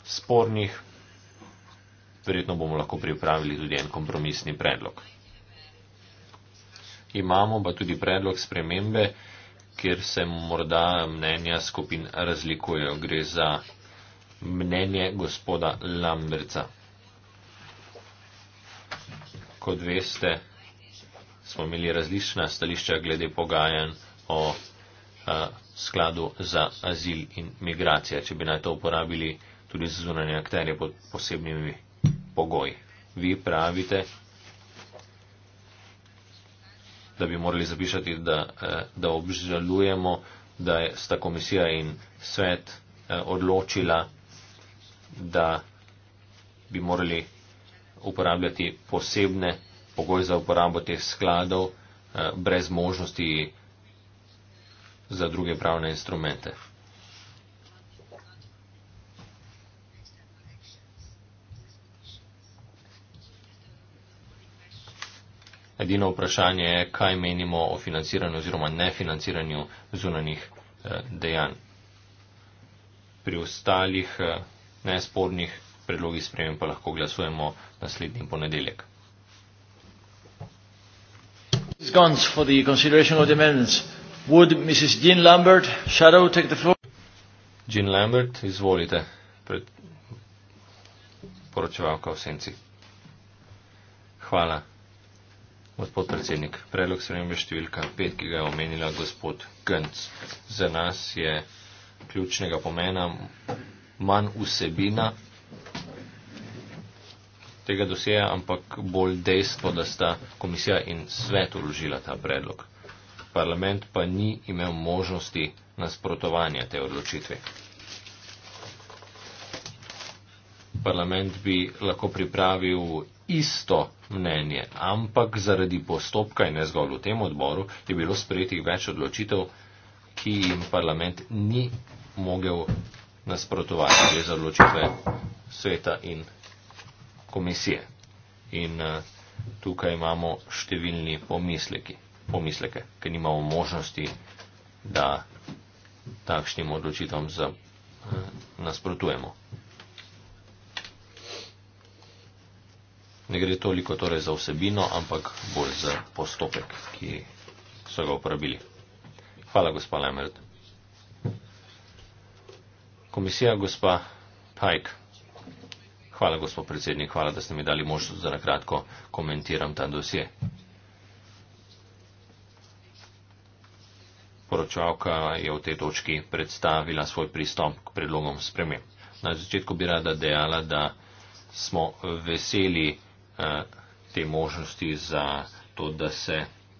spornih. Verjetno bomo lahko pripravili tudi en kompromisni predlog. Imamo pa tudi predlog spremembe, kjer se morda mnenja skupin razlikujejo. Gre za mnenje gospoda Lamberca. Kot veste, smo imeli različna stališča glede pogajan o a, eh, skladu za azil in migracija, če bi naj to uporabili tudi za zunanje akterje pod posebnimi pogoji. Vi pravite, da bi morali zapišati, da, eh, da obžalujemo, da je sta komisija in svet eh, odločila, da bi morali uporabljati posebne pogoj za uporabo teh skladov eh, brez možnosti za druge pravne instrumente. Edino vprašanje je, kaj menimo o financiranju oziroma nefinanciranju zunanih eh, dejanj. Pri ostalih eh, nespornih predlogih sprejem pa lahko glasujemo naslednji ponedeljek ms gncz for the consideration of the amendments. would ms jean lambert shadow take the floor? jean lambert, izvolite. Pred... poročevalka v senci. Hvala, gospod predsednik. Predlog sprememba številka 5, ki ga je omenila gospod Gönc. Za nas je ključnega pomena manj vsebina, tega doseja, ampak bolj dejstvo, da sta komisija in svet uložila ta predlog. Parlament pa ni imel možnosti nasprotovanja te odločitve. Parlament bi lahko pripravil isto mnenje, ampak zaradi postopka in ne zgolj v tem odboru je bilo sprejetih več odločitev, ki jim parlament ni mogel nasprotovati. Gre za odločitve sveta in komisije. In eh, tukaj imamo številni pomisleki, pomisleke, ker nimamo možnosti, da takšnim odločitvam eh, nasprotujemo. Ne gre toliko torej za vsebino, ampak bolj za postopek, ki so ga uporabili. Hvala, gospa Lemert. Komisija, gospa Pajk. Hvala, gospod predsednik, hvala, da ste mi dali možnost, da na kratko komentiram ta dosje. Poročavka je v tej točki predstavila svoj pristop k predlogom sprememb. Na začetku bi rada dejala, da smo veseli eh, te možnosti za to, da se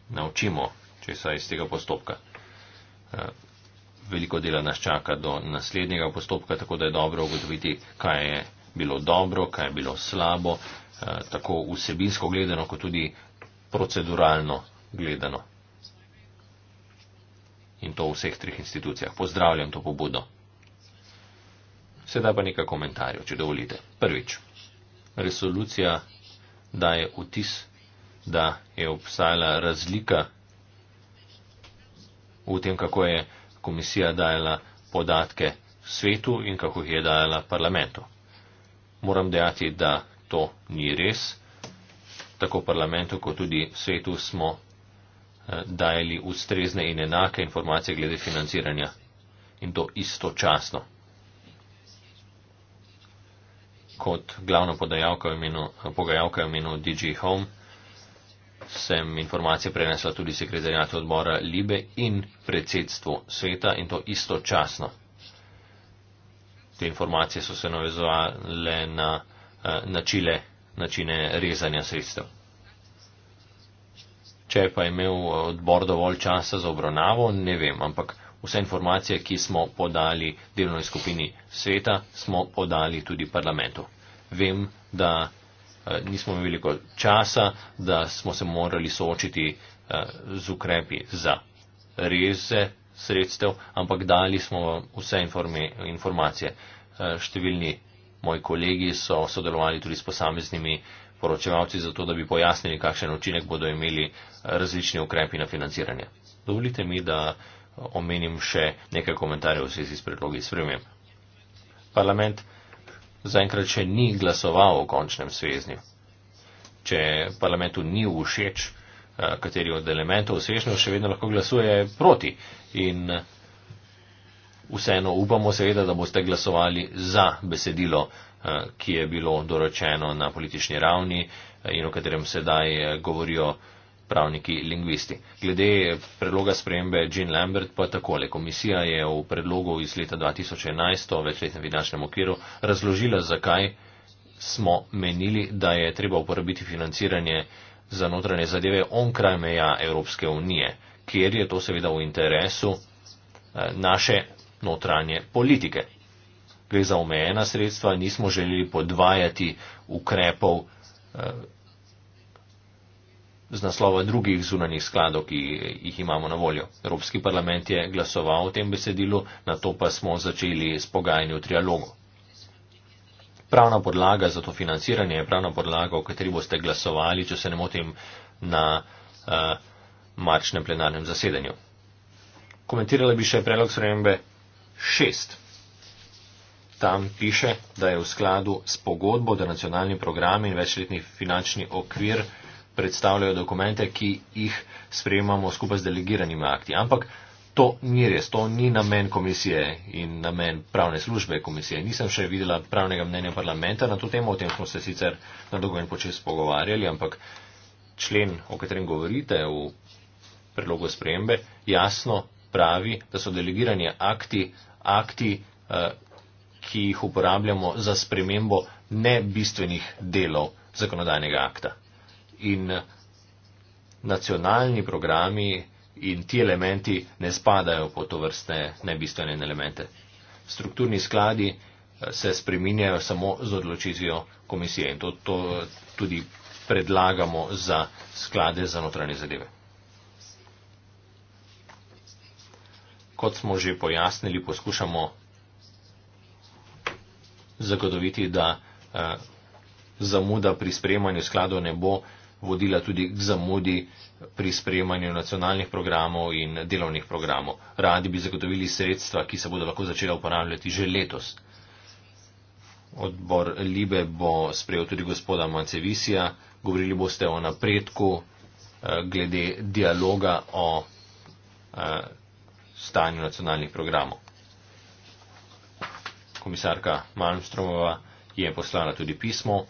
naučimo, če se iz tega postopka. Eh, veliko dela nas čaka do naslednjega postopka, tako da je dobro ugotoviti, kaj je bilo dobro, kaj je bilo slabo, eh, tako vsebinsko gledano, kot tudi proceduralno gledano. In to v vseh trih institucijah. Pozdravljam to pobudo. Sedaj pa nekaj komentarjev, če dovolite. Prvič, resolucija daje vtis, da je obstajala razlika v tem, kako je komisija dajala podatke svetu in kako jih je dajala parlamentu moram dejati, da to ni res. Tako v parlamentu, kot tudi v svetu smo eh, dajali ustrezne in enake informacije glede financiranja in to istočasno. Kot glavna pogajalka v imenu DJ Home sem informacije prenesla tudi sekretarjatu odbora Libe in predsedstvu sveta in to istočasno te informacije so se navezovale na uh, eh, načile, načine rezanja sredstev. Če pa je imel odbor dovolj časa za obravnavo, ne vem, ampak vse informacije, ki smo podali delovni skupini sveta, smo podali tudi parlamentu. Vem, da uh, nismo imeli veliko časa, da smo se morali soočiti uh, z ukrepi za reze sredstev, ampak dali smo vse informi, informacije. Eh, številni moji kolegi so sodelovali tudi s posameznimi poročevalci za to, da bi pojasnili, kakšen učinek bodo imeli eh, različni ukrepi na financiranje. Dovolite mi, da eh, omenim še nekaj komentarjev v zvezi s predlogi spremem. Parlament zaenkrat še ni glasoval o končnem svezni. Če parlamentu ni všeč, Eh, kateri od elementov uspešno še vedno lahko glasuje proti. In vseeno upamo seveda, da boste glasovali za besedilo, eh, ki je bilo doročeno na politični ravni eh, in o katerem sedaj govorijo pravniki lingvisti. Glede predloga spremembe Jean Lambert pa takole. Komisija je v predlogu iz leta 2011 o večletnem finančnem okviru razložila, zakaj smo menili, da je treba uporabiti financiranje za notranje zadeve onkraj meja Evropske unije, kjer je to seveda v interesu eh, naše notranje politike. Gre za omejena sredstva, nismo želeli podvajati ukrepov eh, z naslova drugih zunanih skladov, ki jih imamo na voljo. Evropski parlament je glasoval o tem besedilu, na to pa smo začeli s pogajanjem v trialogu pravna podlaga za to financiranje je pravna podlaga, o kateri boste glasovali, če se ne motim, na uh, marčnem plenarnem zasedanju. Komentirala bi še predlog sprejembe 6. Tam piše, da je v skladu s pogodbo, da nacionalni programi in večletni finančni okvir predstavljajo dokumente, ki jih sprejemamo skupaj z delegiranimi akti. Ampak to ni res, to ni namen komisije in namen pravne službe komisije. Nisem še videla pravnega mnenja parlamenta na to temo, o tem smo se sicer na dolgo in počes pogovarjali, ampak člen, o katerem govorite v predlogu spremembe, jasno pravi, da so delegirani akti, akti, eh, ki jih uporabljamo za spremembo ne bistvenih delov zakonodajnega akta. In eh, nacionalni programi in ti elementi ne spadajo pod to vrste nebistvene elemente. Strukturni skladi eh, se spreminjajo samo z odločitvijo komisije in to, to tudi predlagamo za sklade za notranje zadeve. Kot smo že pojasnili, poskušamo zagotoviti, da eh, zamuda pri sprejemanju skladov ne bo vodila tudi k zamudi pri sprejemanju nacionalnih programov in delovnih programov. Radi bi zagotovili sredstva, ki se bodo lahko začela uporabljati že letos. Odbor Libe bo sprejel tudi gospoda Mancevisija. Govorili boste o napredku eh, glede dialoga o eh, stanju nacionalnih programov. Komisarka Malmstromova je poslala tudi pismo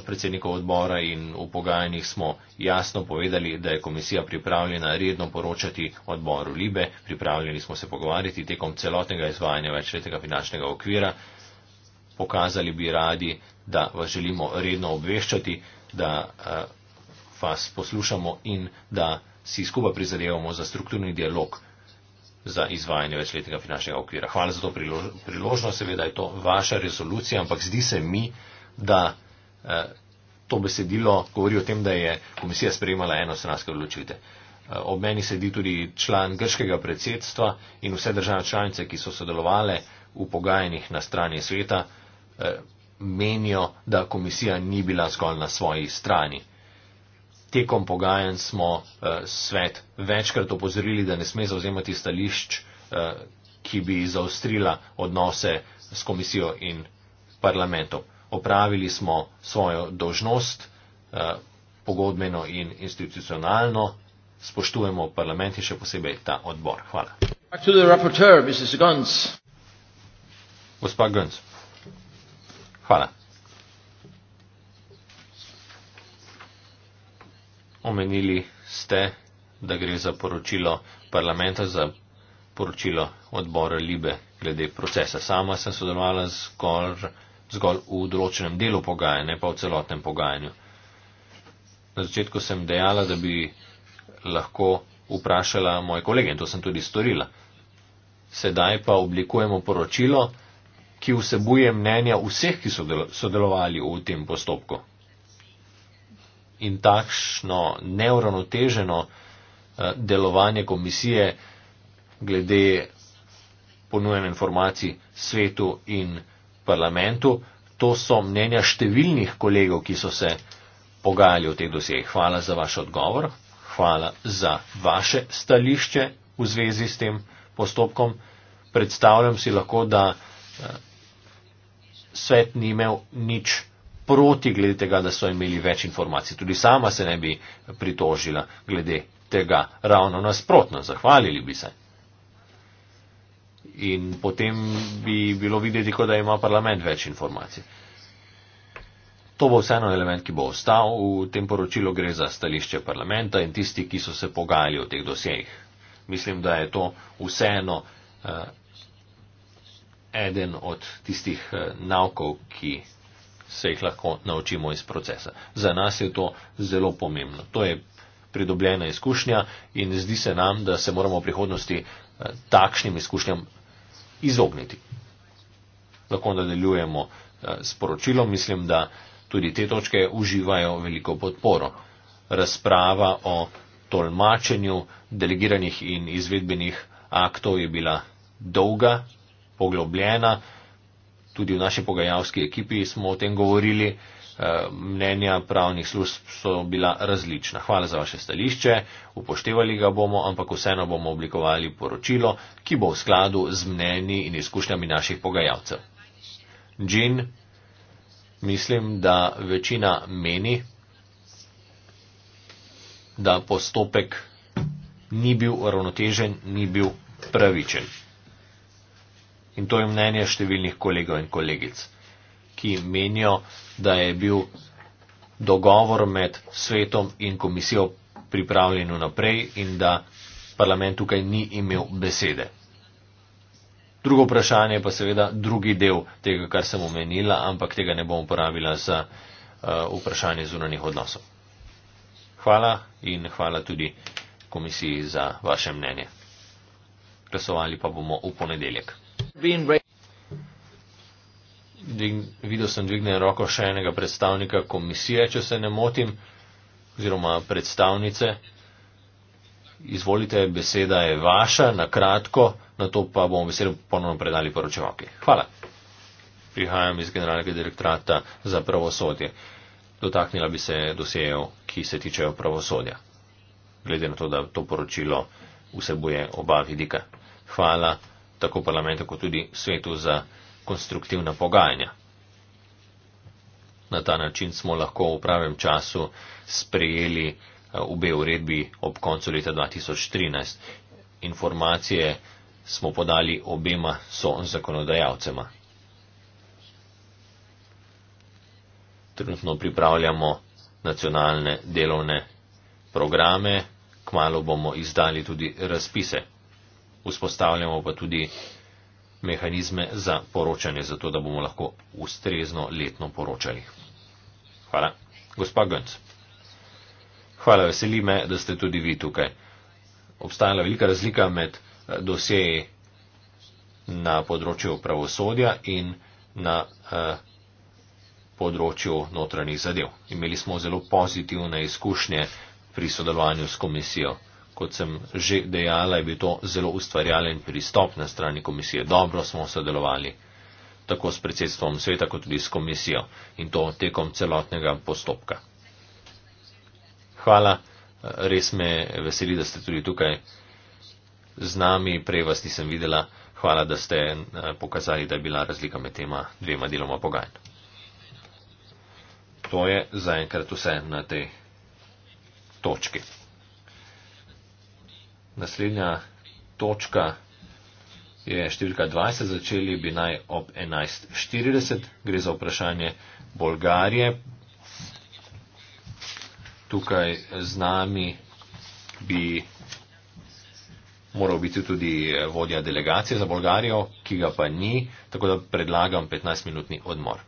predsednikov odbora in v pogajanjih smo jasno povedali, da je komisija pripravljena redno poročati odboru Libe, pripravljeni smo se pogovarjati tekom celotnega izvajanja večletnega finančnega okvira, pokazali bi radi, da vas želimo redno obveščati, da eh, vas poslušamo in da si skupaj prizadevamo za strukturni dialog za izvajanje večletnega finančnega okvira. Hvala za to priložnost, seveda je to vaša rezolucija, ampak zdi se mi, da Eh, to besedilo govori o tem, da je komisija sprejemala enostranske odločitve. Eh, ob meni sedi tudi član grškega predsedstva in vse države članice, ki so sodelovali v pogajanjih na strani sveta, eh, menijo, da komisija ni bila zgolj na svoji strani. Tekom pogajanj smo svet večkrat opozorili, da ne sme zauzemati stališč, ki bi zaostrila odnose s komisijo in parlamentom opravili smo svojo dožnost, eh, pogodbeno in institucionalno, spoštujemo parlament in še posebej ta odbor. Hvala. Rapporteur, Guns. Gospa Gönc. Hvala. Omenili ste, da gre za poročilo parlamenta, za poročilo odbora Libe glede procesa. Sama sem sodelovala zgolj zgolj v odročenem delu pogajanja, ne pa v celotnem pogajanju. Na začetku sem dejala, da bi lahko vprašala moje kolege in to sem tudi storila. Sedaj pa oblikujemo poročilo, ki vsebuje mnenja vseh, ki so sodelovali v tem postopku. In takšno neuravnoteženo eh, delovanje komisije glede ponujene informacij svetu in komisiji parlamentu. To so mnenja številnih kolegov, ki so se pogajali o teh dosjeh. Hvala za vaš odgovor, hvala za vaše stališče v zvezi s tem postopkom. Predstavljam si lahko, da eh, svet ni imel nič proti glede tega, da so imeli več informacij. Tudi sama se ne bi pritožila glede tega. Ravno nasprotno, zahvalili bi se in potem bi bilo videti, kot da ima parlament več informacij. To bo vseeno element, ki bo ostal. V tem poročilu gre za stališče parlamenta in tisti, ki so se pogajali o teh dosejih. Mislim, da je to vseeno uh, eden od tistih uh, naukov, ki se jih lahko naučimo iz procesa. Za nas je to zelo pomembno. To je pridobljena izkušnja in zdi se nam, da se moramo v prihodnosti uh, takšnim izkušnjam izogniti. Lahko nadaljujemo eh, s poročilom, mislim, da tudi te točke uživajo veliko podporo. Razprava o tolmačenju delegiranih in izvedbenih aktov je bila dolga, poglobljena, tudi v naši pogajalski ekipi smo o tem govorili. Eh, mnenja pravnih služb so bila različna. Hvala za vaše stališče, upoštevali ga bomo, ampak vseeno bomo oblikovali poročilo, ki bo v skladu z mnenji in izkušnjami naših pogajalcev. Džin, mislim, da večina meni, da postopek ni bil uravnotežen, ni bil pravičen. In to je mnenje številnih kolegov in kolegic ki menijo, da je bil dogovor med svetom in komisijo pripravljen vnaprej in da parlament tukaj ni imel besede. Drugo vprašanje je pa seveda drugi del tega, kar sem omenila, ampak tega ne bom uporabila za uh, vprašanje zunanih odnosov. Hvala in hvala tudi komisiji za vaše mnenje. Glasovali pa bomo v ponedeljek dvig, videl sem dvignjen roko še enega predstavnika komisije, če se ne motim, oziroma predstavnice. Izvolite, beseda je vaša, na kratko, na to pa bomo besedo ponovno predali poročevalki. Hvala. Prihajam iz generalnega direktorata za pravosodje. Dotaknila bi se dosejev, ki se tičejo pravosodja. Glede na to, da to poročilo vsebuje oba vidika. Hvala tako parlamentu kot tudi svetu za konstruktivna pogajanja. Na ta način smo lahko v pravem času sprejeli eh, obe uredbi ob koncu leta 2013. Informacije smo podali obema so zakonodajalcema. Trenutno pripravljamo nacionalne delovne programe, kmalo bomo izdali tudi razpise. Vzpostavljamo pa tudi mehanizme za poročanje, zato da bomo lahko ustrezno letno poročali. Hvala. Gospa Gönc. Hvala, veseli me, da ste tudi vi tukaj. Obstajala velika razlika med eh, dosjeji na področju pravosodja in na eh, področju notranjih zadev. Imeli smo zelo pozitivne izkušnje pri sodelovanju s komisijo kot sem že dejala, je bil to zelo ustvarjalen pristop na strani komisije. Dobro smo sodelovali tako s predsedstvom sveta, kot tudi s komisijo in to tekom celotnega postopka. Hvala, res me veseli, da ste tudi tukaj z nami, prej vas nisem videla. Hvala, da ste eh, pokazali, da je bila razlika med tema dvema deloma pogajanj. To je zaenkrat vse na tej točki. Naslednja točka je številka 20, začeli bi naj ob 11.40, gre za vprašanje Bolgarije. Tukaj z nami bi moral biti tudi vodja delegacije za Bolgarijo, ki ga pa ni, tako da predlagam 15-minutni odmor.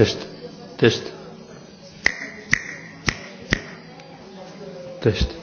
Test. Test. Test.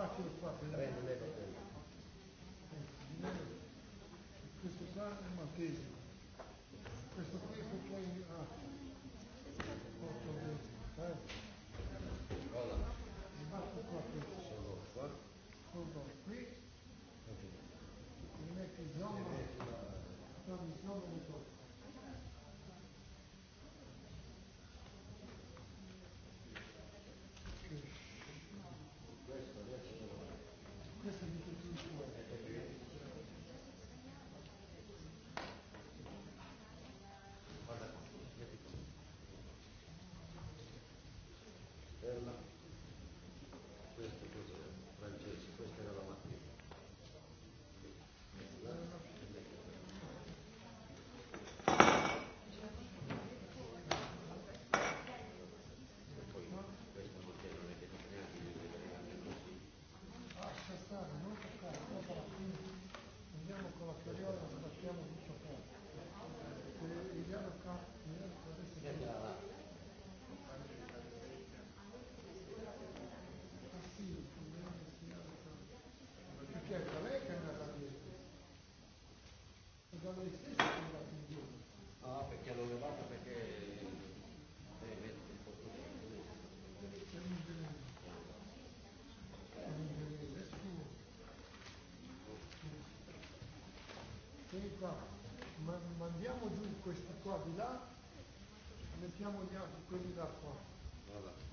Prende, leva, prende. Questo qua è un maltese. qua, ma, mandiamo giù questi qua di là e mettiamo gli altri quelli da qua. Voilà.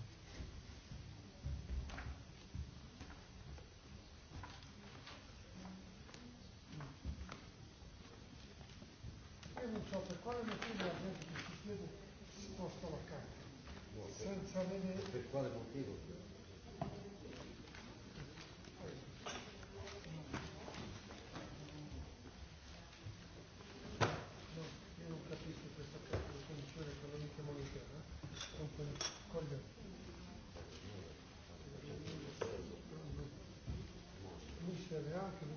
Io non so per quale motivo la gente che si chiede si sposta la carta. Senza vedere. Per quale motivo? Però? stranke.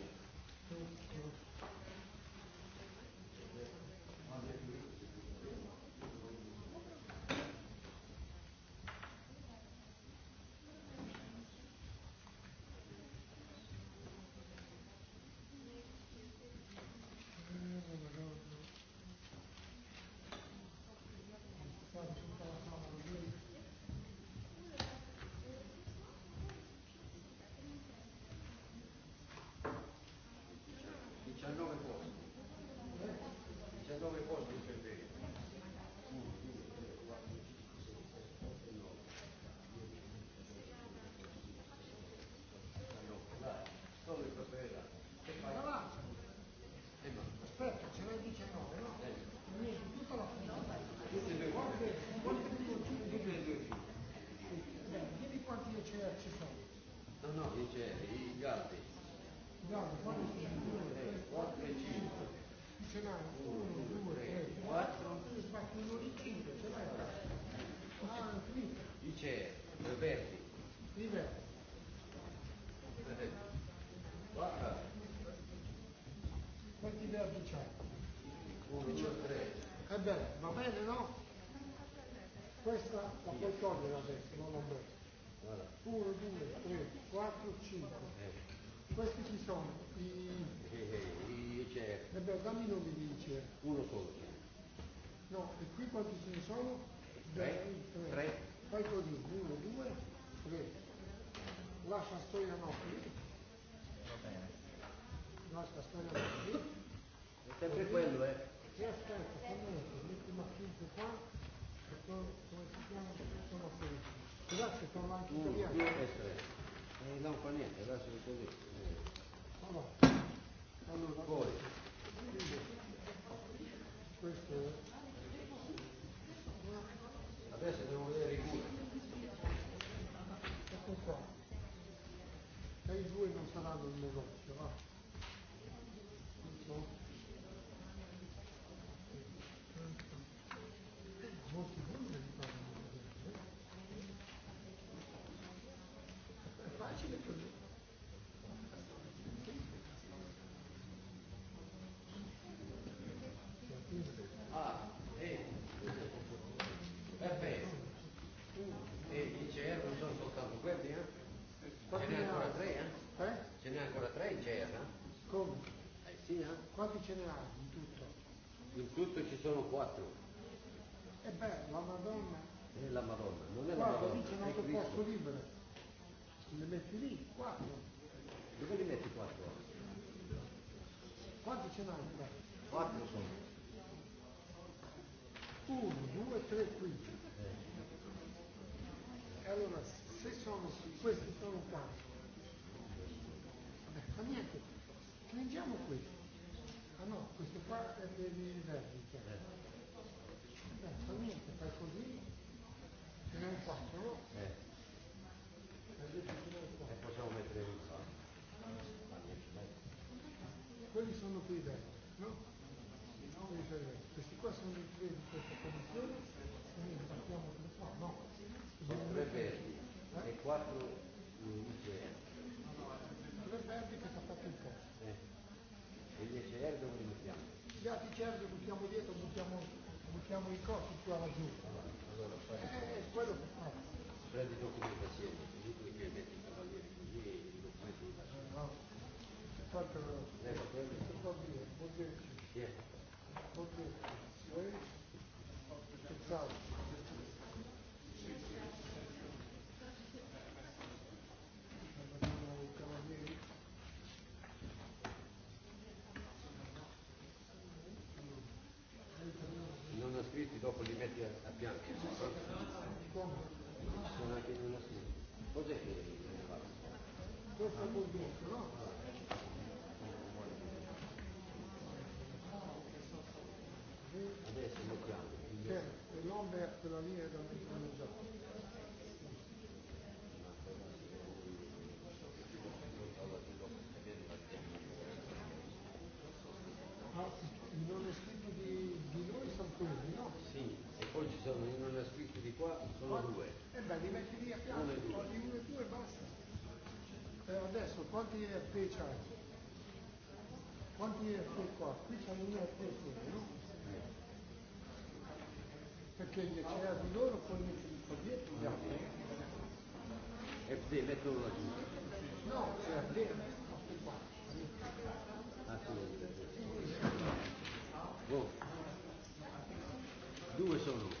bene, no? Questa la puoi togliere adesso, non la puoi. 1, 2, 3, 4, 5. Questi chi sono? I... Eh beh, dammi non mi dice. Uno solo. No, e qui quanti ce ne sono? 3, 3. 3. Fai così, 1, 2, 3. Lascia storia no qui. Va bene. Lascia storia no qui. È sempre quello, eh. Sì, aspetta, fammi Adesso devo vedere i due. Questo qua. Tra i due non saranno il negozio, va? Ah. sono quattro. E beh, la Madonna. E la Madonna, non è la Guarda, Madonna. Guarda, lì c'è un altro posto libero. Le metti lì, quattro. Dove li metti quattro? Quanti ce n'hai? Quattro sono. Uno, due, tre, quinto. Eh. E allora, se sono questi sono quattro. Vabbè, fa niente. Prendiamo questo. Ah no, questo qua è per i verdi, chiaro. Eh, fa niente, fai così, se non quattro. Eh. E possiamo mettere il fa. Quelli sono quei verdi, no? Questi qua sono i tre di questa condizione, se noi li partiamo per qua, no? Sono tre verdi eh? e quattro di No, no, tre verdi che serve li buttiamo dietro, buttiamo, buttiamo i costi qua laggiù. Allora, eh, eh, quello che fa. Prendi documentazione, così tu che metti i cavalieri così e i documenti di base. No, infatti lo so. Questo qua qui è, potete. Sì. Potete. Eh? Sì. Potete. Sì. quanti è fece anni? Quanti è fece qua? Qui c'è un mio fece, no? Perché gli c'era di loro con il tipo dietro gli altri. E te le tu lo dici? No, è a te, qua. Sì. Oh. Due sono.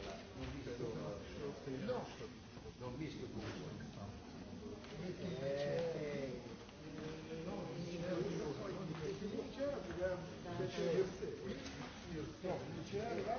Gracias.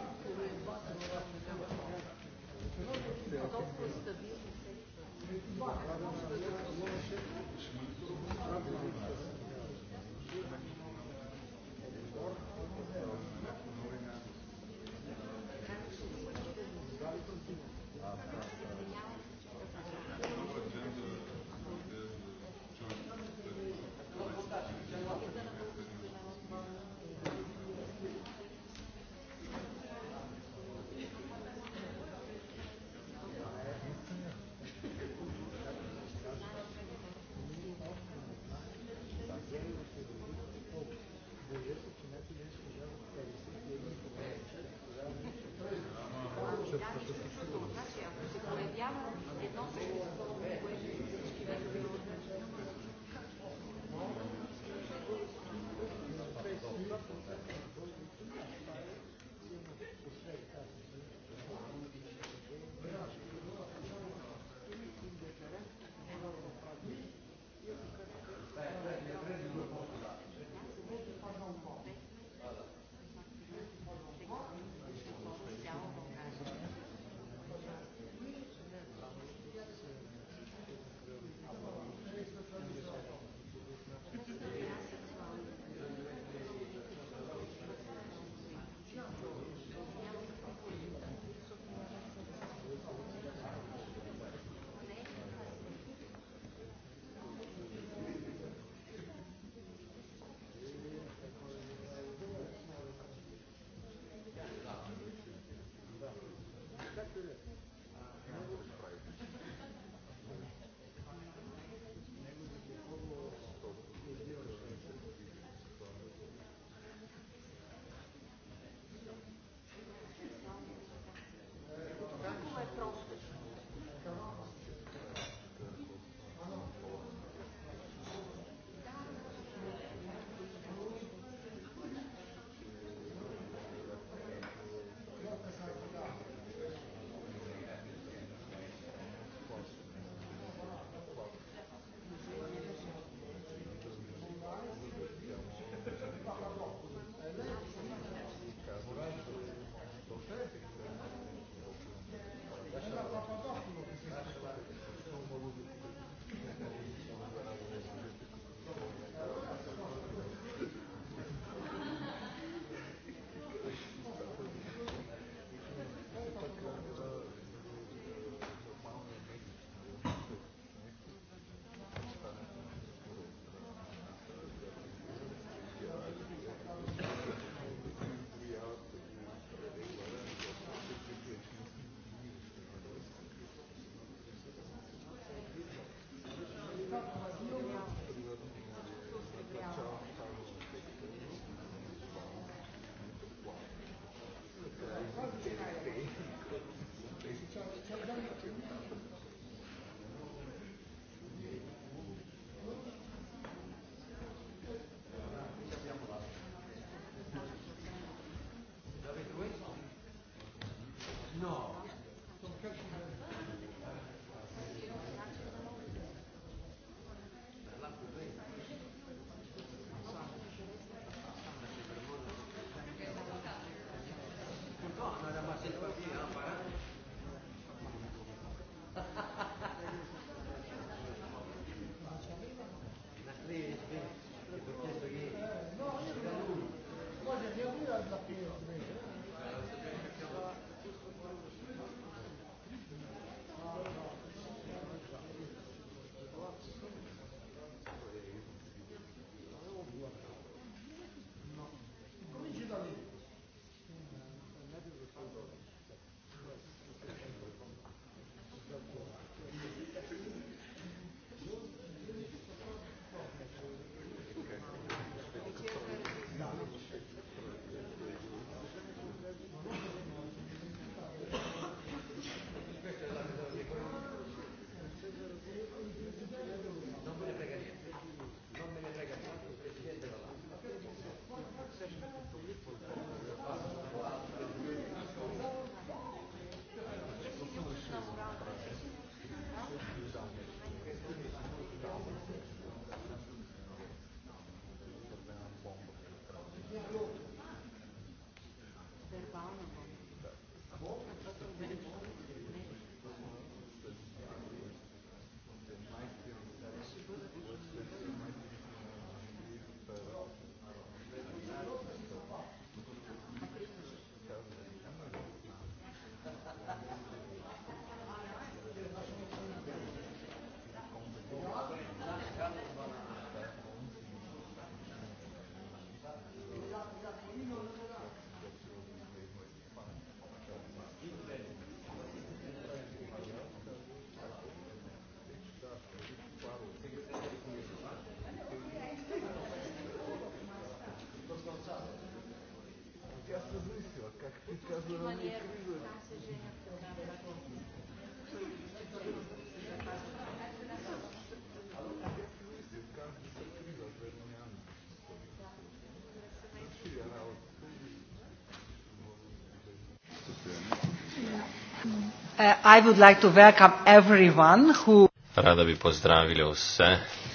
Uh, Rada bi pozdravila vse,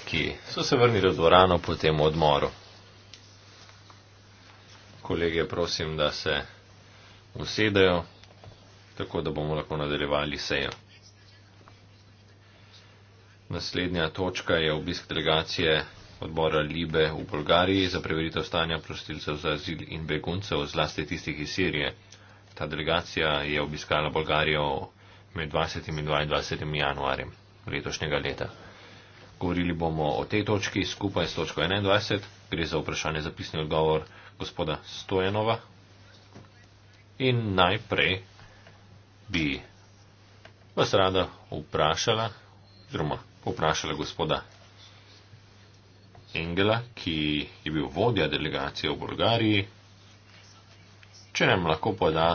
ki so se vrnili v dvorano po tem odmoru. Kolege, prosim, da se usedejo, tako da bomo lahko nadaljevali sejo. Naslednja točka je obisk delegacije odbora Libe v Bolgariji za preveritev stanja prostilcev za azil in beguncev, zlasti tistih iz Sirije. Ta delegacija je obiskala Bolgarijo med 20. in 22. januarjem letošnjega leta. Govorili bomo o tej točki skupaj s točko 21. Gre za vprašanje zapisni odgovor gospoda Stojenova In najprej bi vas rada vprašala, oziroma vprašala gospoda Engela, ki je bil vodja delegacije v Bolgariji, če nam lahko poda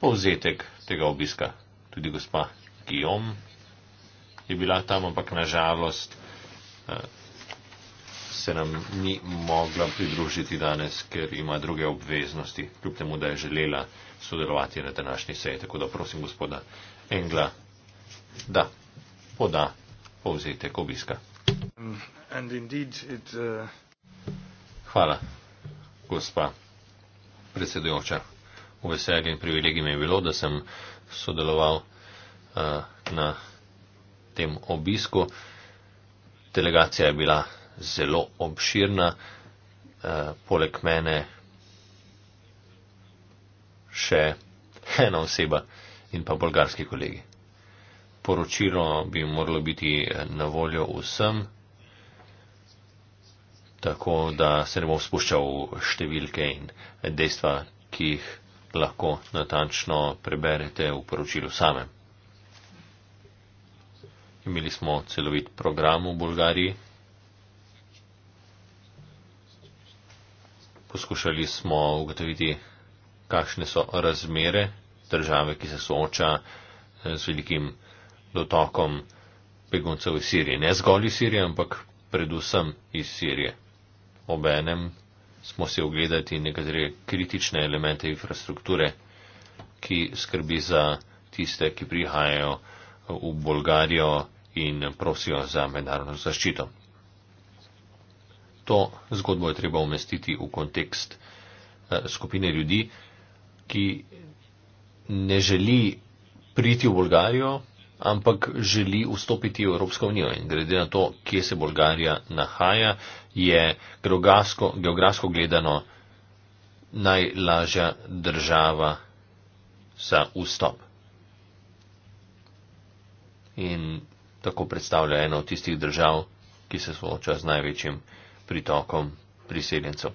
povzetek tega obiska. Tudi gospa Guillaume je bila tam, ampak nažalost eh, se nam ni mogla pridružiti danes, ker ima druge obveznosti, kljub temu, da je želela sodelovati na današnji seji. Tako da prosim gospoda Engla, da poda povzetek obiska. Um, uh, Hvala, gospa predsedujoča. V veselju in privilegij mi je bilo, da sem sodeloval uh, na tem obisku. Delegacija je bila zelo obširna. Eh, poleg mene še ena oseba in pa bolgarski kolegi. Poročilo bi moralo biti eh, na voljo vsem, tako da se ne bom spuščal v številke in dejstva, ki jih lahko natančno preberete v poročilu samem. Imeli smo celovit program v Bolgariji. poskušali smo ugotoviti, kakšne so razmere države, ki se sooča eh, z velikim dotokom beguncev iz Sirije. Ne zgolj iz Sirije, ampak predvsem iz Sirije. Obenem smo se ogledati nekatere kritične elemente infrastrukture, ki skrbi za tiste, ki prihajajo v Bolgarijo in prosijo za mednarodno zaščito to zgodbo je treba umestiti v kontekst eh, skupine ljudi, ki ne želi priti v Bolgarijo, ampak želi vstopiti v Evropsko unijo. In glede na to, kje se Bolgarija nahaja, je geografsko, geografsko gledano najlažja država za vstop. In tako predstavlja eno od tistih držav, ki se sooča z največjim pritokom priseljencev.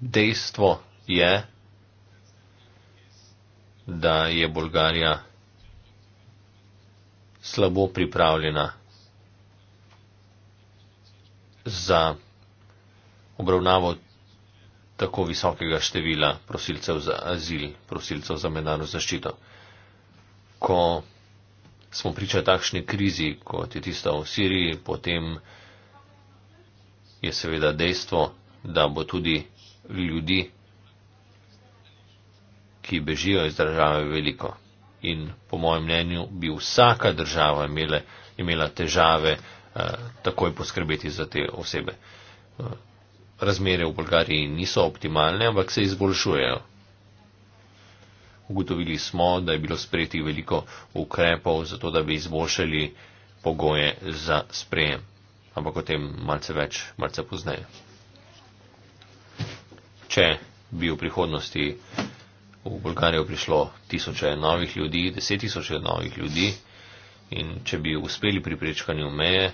Dejstvo je, da je Bolgarija slabo pripravljena za obravnavo tako visokega števila prosilcev za azil, prosilcev za mednarodno zaščito. Ko smo priča takšni krizi, kot je tista v Siriji, potem je seveda dejstvo, da bo tudi ljudi, ki bežijo iz države, veliko. In po mojem mnenju bi vsaka država imela, imela težave eh, takoj poskrbeti za te osebe. Eh, razmere v Bolgariji niso optimalne, ampak se izboljšujejo. Ugotovili smo, da je bilo sprejeti veliko ukrepov za to, da bi izboljšali pogoje za sprejem. Ampak o tem malce več, malce pozneje. Če bi v prihodnosti v Bolgarijo prišlo tisoče novih ljudi, deset tisoče novih ljudi in če bi uspeli pri prečkanju meje,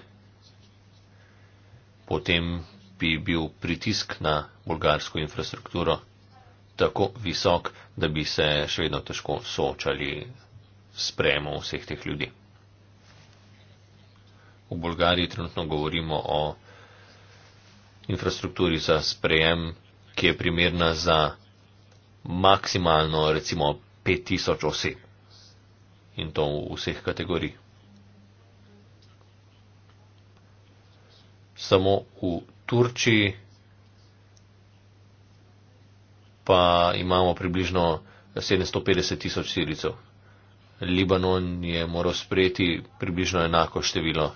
potem bi bil pritisk na bolgarsko infrastrukturo tako visok, da bi se še vedno težko soočali s prejemom vseh teh ljudi. V Bolgariji trenutno govorimo o infrastrukturi za sprejem, ki je primerna za maksimalno recimo 5000 oseb in to v vseh kategorij. Samo v Turčiji pa imamo približno 750 tisoč sirijcev. Libanon je moral sprejeti približno enako število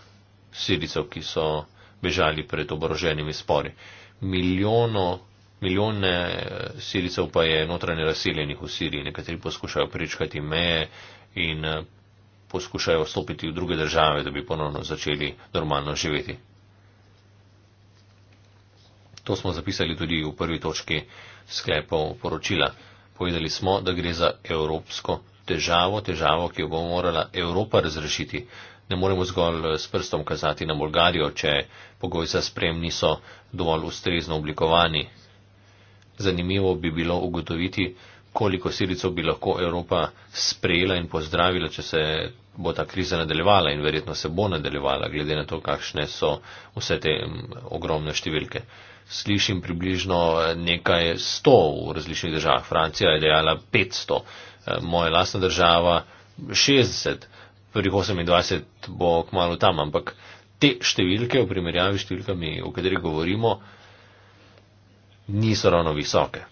sirijcev, ki so bežali pred oboroženimi spori. Miljono, milijone eh, sirijcev pa je notranje razseljenih v Siriji, nekateri poskušajo prečkati meje in eh, poskušajo vstopiti v druge države, da bi ponovno začeli normalno živeti. To smo zapisali tudi v prvi točki sklepov poročila. Povedali smo, da gre za evropsko težavo, težavo, ki jo bo morala Evropa razrešiti. Ne moremo zgolj eh, s prstom kazati na Bolgarijo, če pogoji za sprem niso dovolj ustrezno oblikovani. Zanimivo bi bilo ugotoviti, koliko siricov bi lahko Evropa sprejela in pozdravila, če se bo ta kriza nadaljevala in verjetno se bo nadaljevala, glede na to, kakšne so vse te mm, ogromne številke slišim približno eh, nekaj sto v različnih državah. Francija je dejala 500, eh, moja lastna država 60, prvih 28 bo kmalo tam, ampak te številke v primerjavi s številkami, o katerih govorimo, niso ravno visoke.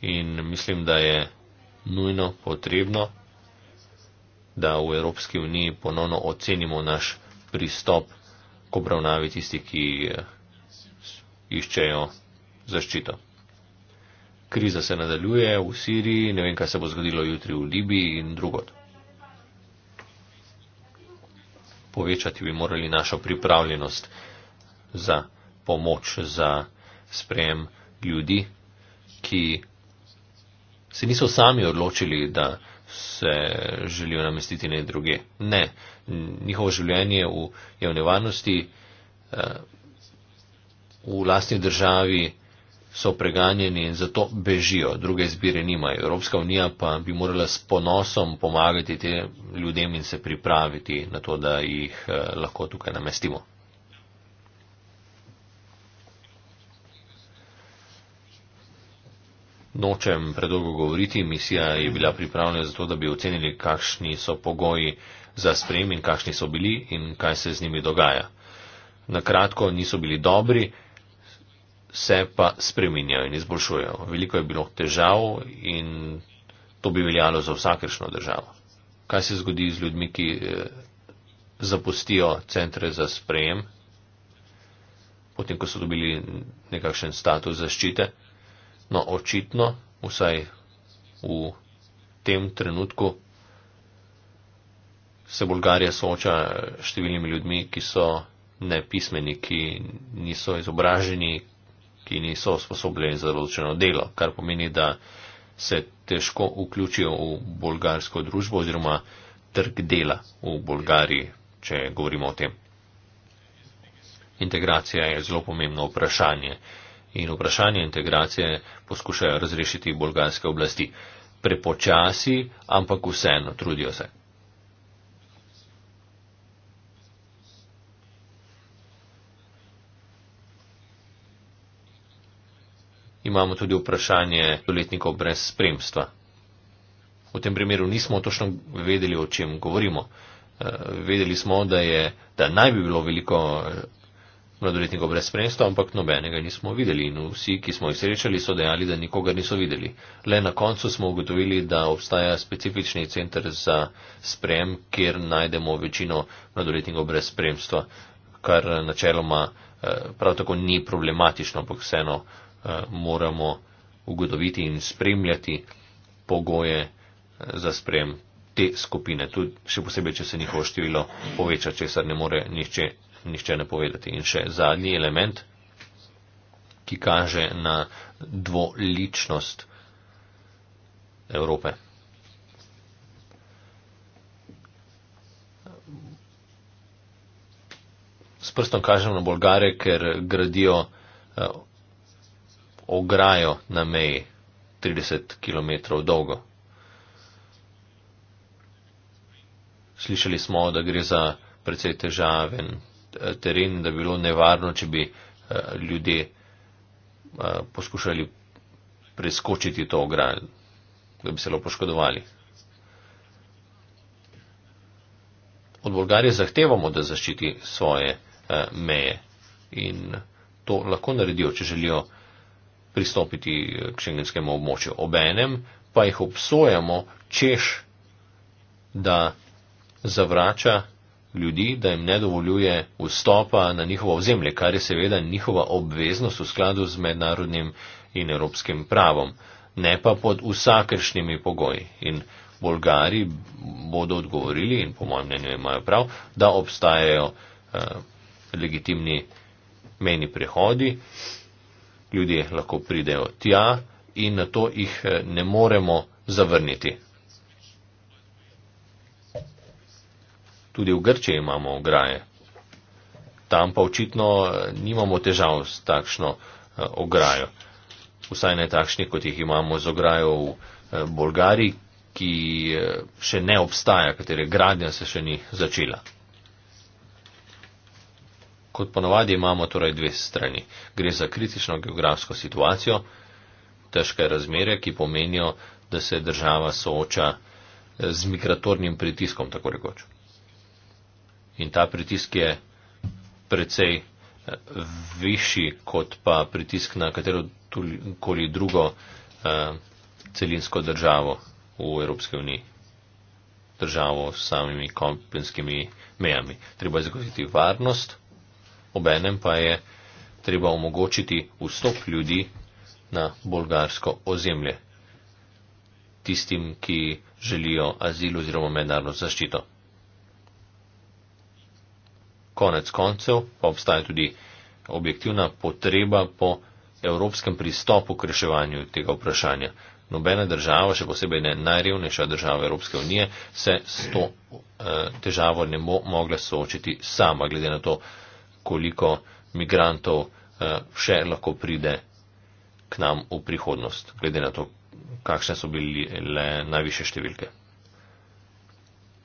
In mislim, da je nujno potrebno, da v Evropski uniji ponovno ocenimo naš pristop k obravnavi tistih, ki eh, iščejo zaščito. Kriza se nadaljuje v Siriji, ne vem, kaj se bo zgodilo jutri v Libiji in drugod. Povečati bi morali našo pripravljenost za pomoč, za sprejem ljudi, ki se niso sami odločili, da se želijo namestiti ne druge. Ne, njihovo življenje v, je v nevarnosti. Eh, v vlastni državi so preganjeni in zato bežijo, druge izbire nimajo. Evropska unija pa bi morala s ponosom pomagati tem ljudem in se pripraviti na to, da jih eh, lahko tukaj namestimo. Nočem predolgo govoriti, misija je bila pripravljena zato, da bi ocenili, kakšni so pogoji za sprejem in kakšni so bili in kaj se z njimi dogaja. Na kratko niso bili dobri se pa spreminjajo in izboljšujejo. Veliko je bilo težav in to bi veljalo za vsakršno državo. Kaj se zgodi z ljudmi, ki eh, zapustijo centre za sprejem, potem ko so dobili nekakšen status zaščite? No, očitno, vsaj v tem trenutku, se Bolgarija sooča številnimi ljudmi, ki so nepismeni, ki niso izobraženi, ki niso usposobljeni za določeno delo, kar pomeni, da se težko vključijo v bolgarsko družbo oziroma trg dela v Bolgariji, če govorimo o tem. Integracija je zelo pomembno vprašanje in vprašanje integracije poskušajo razrešiti bolgarske oblasti. Prepočasi, ampak vseeno trudijo se. imamo tudi vprašanje doletnikov brez spremstva. V tem primeru nismo točno vedeli, o čem govorimo. Eh, vedeli smo, da, je, da naj bi bilo veliko eh, mladoletnikov brez spremstva, ampak nobenega nismo videli in vsi, ki smo jih srečali, so dejali, da nikogar niso videli. Le na koncu smo ugotovili, da obstaja specifični center za sprem, kjer najdemo večino mladoletnikov brez spremstva, kar načeloma eh, prav tako ni problematično, ampak vseeno Eh, moramo ugotoviti in spremljati pogoje eh, za sprem te skupine, tudi še posebej, če se njihovo število poveča, če se ne more nišče, nišče ne povedati. In še zadnji element, ki kaže na dvoličnost Evrope. S prstom kažem na Bolgare, ker gradijo eh, ograjo na meji 30 km dolgo. Slišali smo, da gre za precej težaven eh, teren, da bi bilo nevarno, če bi eh, ljudje eh, poskušali preskočiti to ograjo, da bi se lahko poškodovali. Od Bolgarije zahtevamo, da zaščiti svoje meje in to lahko naredijo, če želijo pristopiti eh, k šengenskemu območju. Obenem pa jih obsojamo, češ, da zavrača ljudi, da jim ne dovoljuje vstopa na njihovo ozemlje, kar je seveda njihova obveznost v skladu z mednarodnim in evropskim pravom, ne pa pod vsakršnimi pogoji. In Bolgari bodo odgovorili, in po mojem mnenju imajo prav, da obstajajo eh, legitimni meni prehodi, ljudje lahko pridejo tja in na to jih eh, ne moremo zavrniti. Tudi v Grčiji imamo ograje. Tam pa očitno eh, nimamo težav s takšno eh, ograjo. Vsaj ne takšni, kot jih imamo z ograjo v Bolgariji, ki še ne obstaja, katere gradnja se še ni začela. Kot ponavadi imamo torej dve strani. Gre za kritično geografsko situacijo, težke razmere, ki pomenijo, da se država sooča eh, z migratornim pritiskom, tako rekoč. In ta pritisk je precej eh, višji kot pa pritisk na katero koli drugo eh, celinsko državo v Evropske unije. Državo s samimi kompenskimi mejami. Treba je zagotoviti varnost, obenem pa je treba omogočiti vstop ljudi na bolgarsko ozemlje tistim, ki želijo azil oziroma mednarodno zaščito. Konec koncev pa obstaja tudi objektivna potreba po evropskem pristopu k reševanju tega vprašanja. Nobena država, še posebej ne najrevnejša država Evropske unije, se s to eh, težavo ne bo mogla soočiti sama, glede na to, koliko migrantov eh, še lahko pride k nam v prihodnost, glede na to, kakšne so bile najviše številke.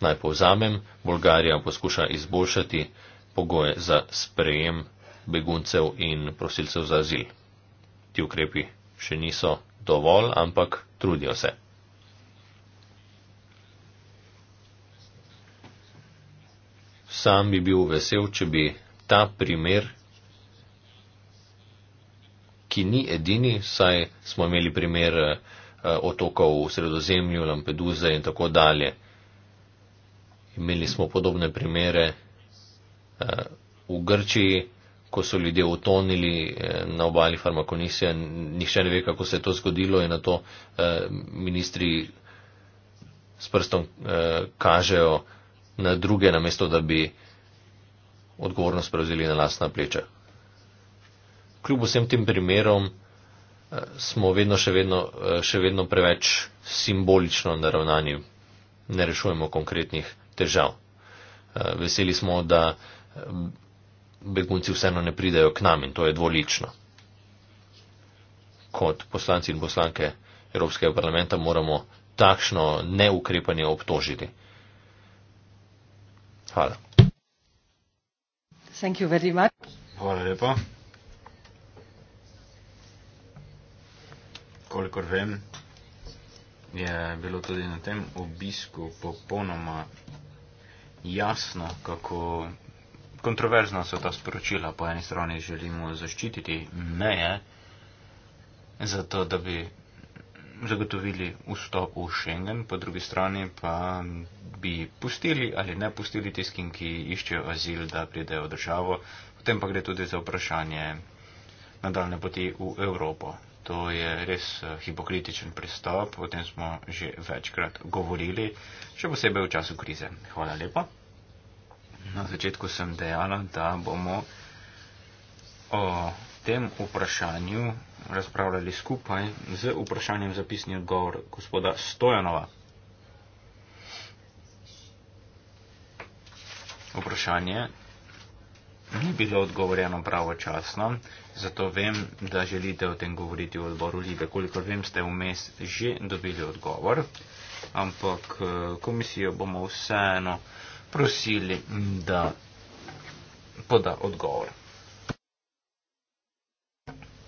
Naj povzamem, Bolgarija poskuša izboljšati pogoje za sprejem beguncev in prosilcev za azil. Ti ukrepi še niso dovolj, ampak trudijo se. Sam bi bil vesel, če bi ta primer, ki ni edini, saj smo imeli primer eh, otokov v sredozemlju, Lampeduze in tako dalje. Imeli smo podobne primere eh, v Grčiji, ko so ljudje utonili eh, na obali farmakonisije. Nihče ne ve, kako se je to zgodilo in na to ministri s prstom kažejo na druge, namesto da bi odgovornost prevzeli na lastna pleča. Kljub vsem tem primerom eh, smo vedno še vedno, eh, še vedno preveč simbolično naravnani, ne rešujemo konkretnih težav. Eh, veseli smo, da begunci vseeno ne pridajo k nam in to je dvolično. Kot poslanci in poslanke Evropskega parlamenta moramo takšno neukrepanje obtožiti. Hvala. Thank you very much. Hvala lepa. Kolikor vem, je bilo tudi na tem obisku popolnoma jasno, kako kontroverzna so ta sporočila. Po eni strani želimo zaščititi meje, zato da bi zagotovili vstop v Schengen, po drugi strani pa bi pustili ali ne pustili tiskin, ki iščejo azil, da pridejo v državo. Potem pa gre tudi za vprašanje nadaljne poti v Evropo. To je res eh, hipokritičen pristop, o tem smo že večkrat govorili, še posebej v času krize. Hvala lepa. Na začetku sem dejala, da bomo o tem vprašanju razpravljali skupaj z vprašanjem zapisni odgovor gospoda Stojanova. Vprašanje ni bilo odgovorjeno pravočasno, zato vem, da želite o tem govoriti v odboru Libe. Kolikor vem, ste vmes že dobili odgovor, ampak eh, komisijo bomo vseeno prosili, da poda odgovor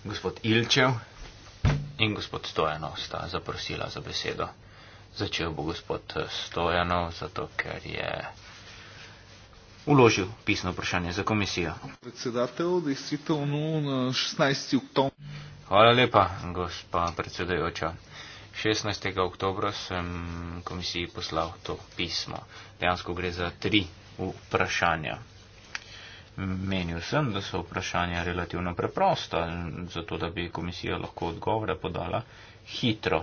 gospod Ilčev in gospod Stojanov sta zaprosila za besedo. Začel bo gospod eh, Stojanov, zato ker je uložil pisno vprašanje za komisijo. Hvala lepa, gospa predsedajoča. 16. oktobra sem komisiji poslal to pismo. Dejansko gre za tri vprašanja. Menil sem, da so vprašanja relativno preprosta, zato da bi komisija lahko odgovore podala hitro.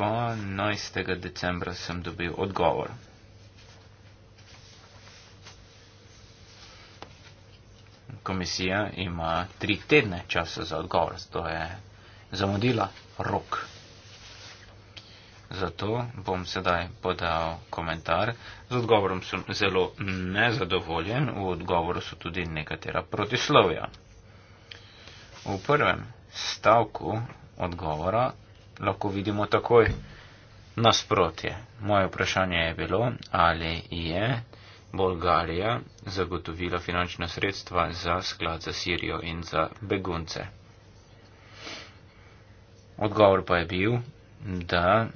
12. decembra sem dobil odgovor. Komisija ima tri tedne časa za odgovor, zato je zamudila rok. Zato bom sedaj podal komentar. Z odgovorom sem zelo nezadovoljen, v odgovoru so tudi nekatera protislovja. V prvem stavku odgovora lahko vidimo takoj nasprotje. Moje vprašanje je bilo, ali je Bolgarija zagotovila finančna sredstva za sklad za Sirijo in za begunce. Odgovor pa je bil, da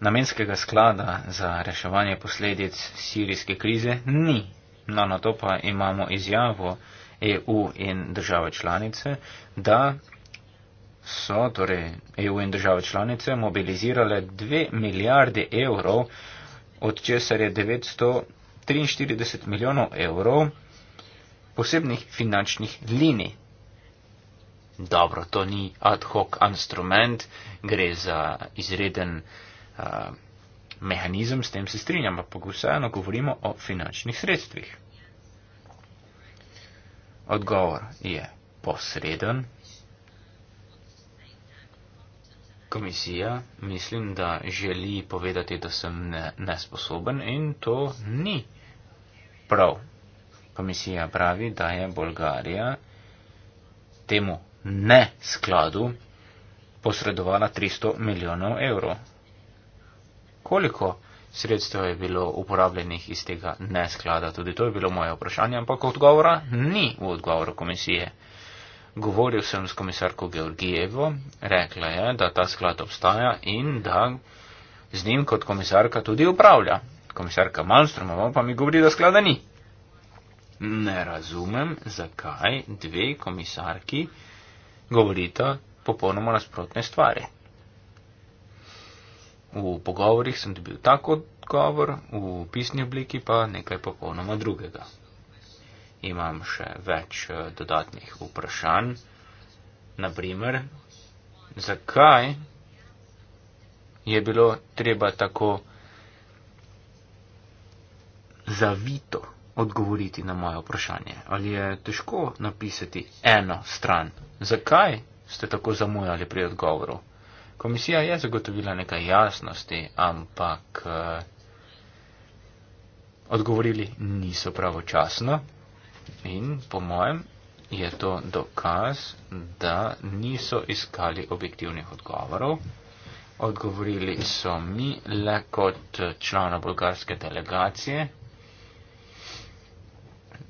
Namenskega sklada za reševanje posledic sirijske krize ni. No, na to pa imamo izjavo EU in države članice, da so torej EU in države članice mobilizirale 2 milijarde evrov, od česar je 943 milijonov evrov posebnih finančnih linij. Dobro, to ni ad hoc instrument, gre za izreden mehanizem, s tem se strinjam, ampak vseeno govorimo o finančnih sredstvih. Odgovor je posreden. Komisija mislim, da želi povedati, da sem ne, nesposoben in to ni prav. Komisija pravi, da je Bolgarija temu neskladu posredovala 300 milijonov evrov koliko sredstev je bilo uporabljenih iz tega nesklada. Tudi to je bilo moje vprašanje, ampak odgovora ni v odgovoru komisije. Govoril sem s komisarko Georgijevo, rekla je, da ta sklad obstaja in da z njim kot komisarka tudi upravlja. Komisarka Malmstromova pa mi govori, da sklada ni. Ne razumem, zakaj dve komisarki govorita popolnoma nasprotne stvari v pogovorih sem dobil tak odgovor, v pisni obliki pa nekaj popolnoma drugega. Imam še več eh, dodatnih vprašanj, naprimer, zakaj je bilo treba tako zavito odgovoriti na moje vprašanje? Ali je težko napisati eno stran? Zakaj ste tako zamujali pri odgovoru? Komisija je zagotovila nekaj jasnosti, ampak eh, odgovorili niso pravočasno in po mojem je to dokaz, da niso iskali objektivnih odgovorov. Odgovorili so mi le kot člana bolgarske delegacije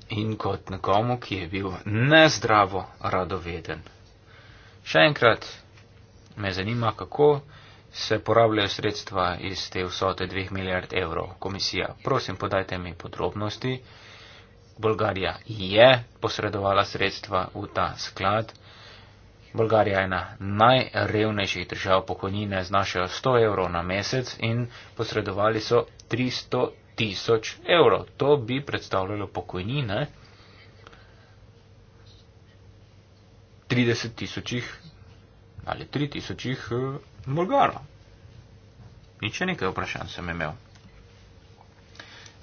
in kot nekomu, ki je bil nezdravo radoveden. Še enkrat, Me zanima, kako se porabljajo sredstva iz te vsote 2 milijard evrov. Komisija, prosim, podajte mi podrobnosti. Bolgarija je posredovala sredstva v ta sklad. Bolgarija je ena najrevnejših držav, pokojnine znašajo 100 evrov na mesec in posredovali so 300 tisoč evrov. To bi predstavljalo pokojnine 30 tisočih ali tri tisočih eh, bolgarov. Nič nekaj vprašanj sem imel.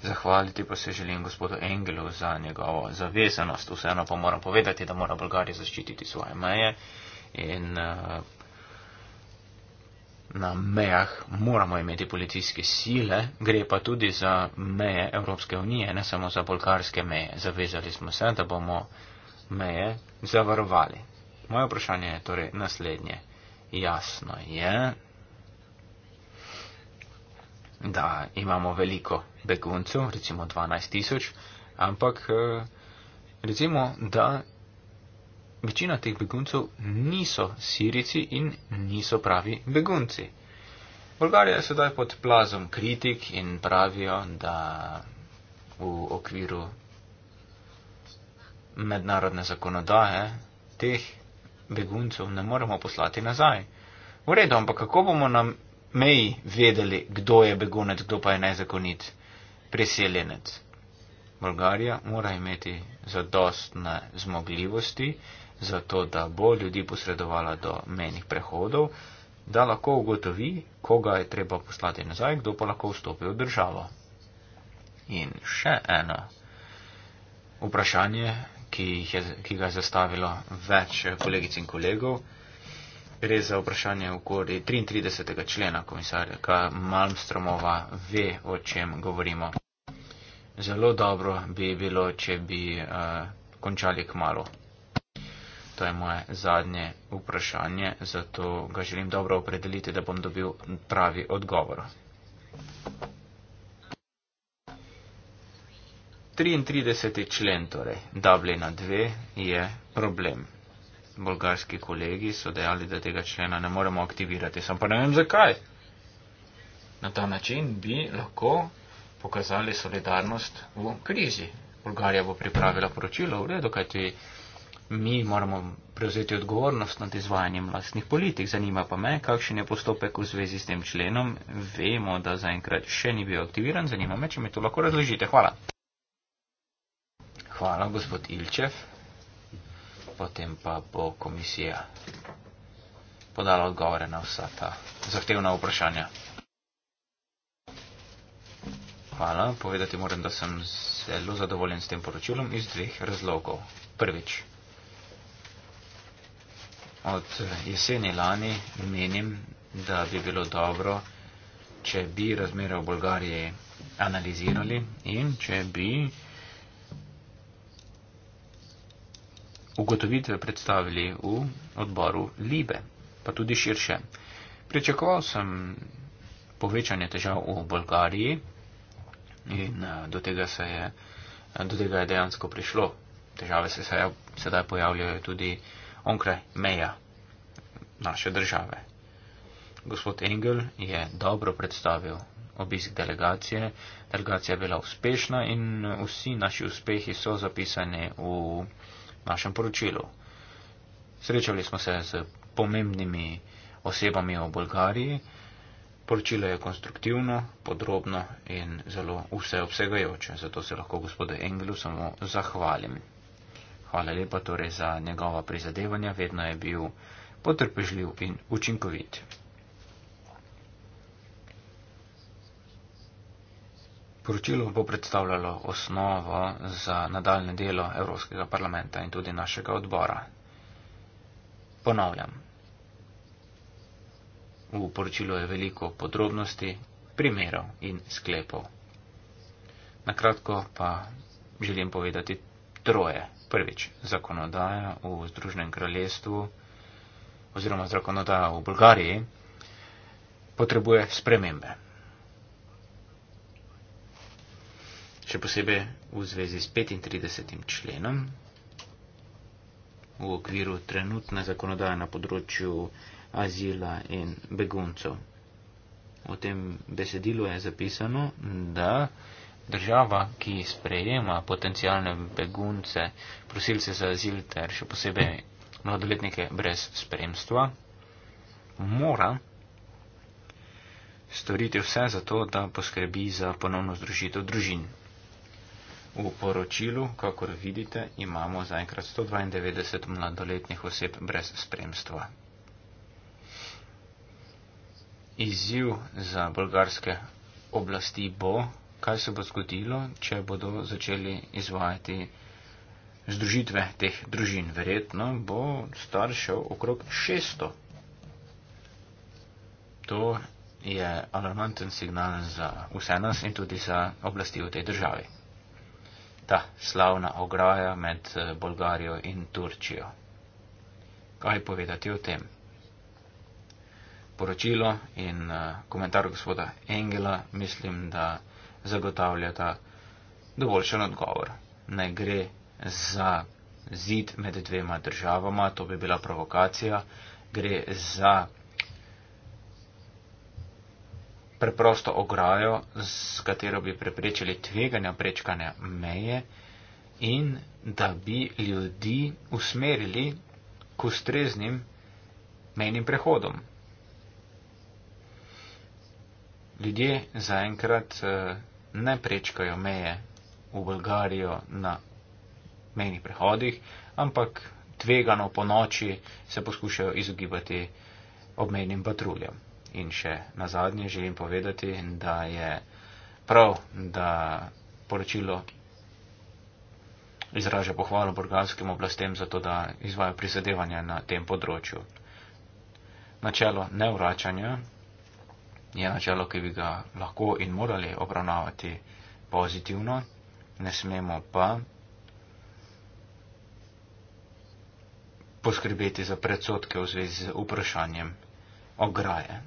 Zahvaliti pa se želim gospodu Engelu za njegovo zavezanost. Vseeno pa moram povedati, da mora Bolgarija zaščititi svoje meje in eh, na mejah moramo imeti policijske sile. Gre pa tudi za meje Evropske unije, ne samo za bolgarske meje. Zavezali smo se, da bomo meje zavarovali. Moje vprašanje je torej naslednje. Jasno je, da imamo veliko beguncev, recimo 12 tisoč, ampak eh, recimo, da večina teh beguncev niso sirici in niso pravi begunci. Bolgarija je sedaj pod plazom kritik in pravijo, da v okviru mednarodne zakonodaje teh beguncev ne moremo poslati nazaj. V redu, ampak kako bomo na meji vedeli, kdo je begunec, kdo pa je nezakonit priseljenec? Bolgarija mora imeti zadostne zmogljivosti, zato da bo ljudi posredovala do menih prehodov, da lahko ugotovi, koga je treba poslati nazaj, kdo pa lahko vstopi v državo. In še eno vprašanje ki, je, ki ga je zastavilo več kolegic in kolegov. Gre za vprašanje okoli 33. člena komisarja Malmstromova ve, o čem govorimo. Zelo dobro bi bilo, če bi uh, končali k malu. To je moje zadnje vprašanje, zato ga želim dobro opredeliti, da bom dobil pravi odgovor. 33. člen, torej Dublina 2, je problem. Bolgarski kolegi so dejali, da tega člena ne moremo aktivirati, sam pa ne vem zakaj. Na ta način bi lahko pokazali solidarnost v krizi. Bolgarija bo pripravila poročilo, v redu, kajti mi moramo prevzeti odgovornost nad izvajanjem vlastnih politik. Zanima pa me, kakšen je postopek v zvezi s tem členom. Vemo, da zaenkrat še ni bil aktiviran, zanima me, če mi to lahko razložite. Hvala. Hvala, gospod Ilčev. Potem pa bo komisija podala odgovore na vsa ta zahtevna vprašanja. Hvala. Povedati moram, da sem zelo zadovoljen s tem poročilom iz dveh razlogov. Prvič, od jeseni lani menim, da bi bilo dobro, če bi razmere v Bolgariji analizirali in če bi ugotovitve predstavili v odboru Libe, pa tudi širše. Pričakoval sem povečanje težav v Bolgariji in eh, do tega, je, do tega je dejansko prišlo. Težave se sedaj pojavljajo tudi onkraj meja naše države. Gospod Engel je dobro predstavil obisk delegacije, delegacija je bila uspešna in eh, vsi naši uspehi so zapisani v našem poročilu. Srečali smo se z pomembnimi osebami v Bolgariji. Poročilo je konstruktivno, podrobno in zelo vseobsegajoče, zato se lahko gospodu Engelu samo zahvalim. Hvala lepa torej za njegova prizadevanja, vedno je bil potrpežljiv in učinkovit. Poročilo bo predstavljalo osnovo za nadaljne delo Evropskega parlamenta in tudi našega odbora. Ponavljam. V poročilu je veliko podrobnosti, primerov in sklepov. Na kratko pa želim povedati troje. Prvič, zakonodaja v Združenem kraljestvu oziroma zakonodaja v Bolgariji potrebuje spremembe. še posebej v zvezi s 35. členom v okviru trenutne zakonodaje na področju azila in beguncev. V tem besedilu je zapisano, da država, ki sprejema potencijalne begunce, prosilce za azil ter še posebej mladoletnike brez spremstva, mora storiti vse za to, da poskrbi za ponovno združitev družin. V poročilu, kakor vidite, imamo zaenkrat 192 mladoletnih oseb brez spremstva. Izziv za bolgarske oblasti bo, kaj se bo zgodilo, če bodo začeli izvajati združitve teh družin. Verjetno bo staršev okrog 600. To je alarmanten signal za vse nas in tudi za oblasti v tej državi ta slavna ograja med eh, Bolgarijo in Turčijo. Kaj povedati o tem? Poročilo in eh, komentar gospoda Engela mislim, da zagotavljata dovoljšen odgovor. Ne gre za zid med dvema državama, to bi bila provokacija, gre za preprosto ograjo, s katero bi preprečili tveganja prečkanja meje in da bi ljudi usmerili k ustreznim mejnim prehodom. Ljudje zaenkrat eh, ne prečkajo meje v Bolgarijo na mejnih prehodih, ampak tvegano po noči se poskušajo izogibati obmejnim patruljam. In še na zadnje želim povedati, da je prav, da poročilo izraža pohvalo burganskim oblastem za to, da izvajo prizadevanja na tem področju. Načelo nevračanja je načelo, ki bi ga lahko in morali obravnavati pozitivno, ne smemo pa poskrbeti za predsotke v zvezi z vprašanjem ograje.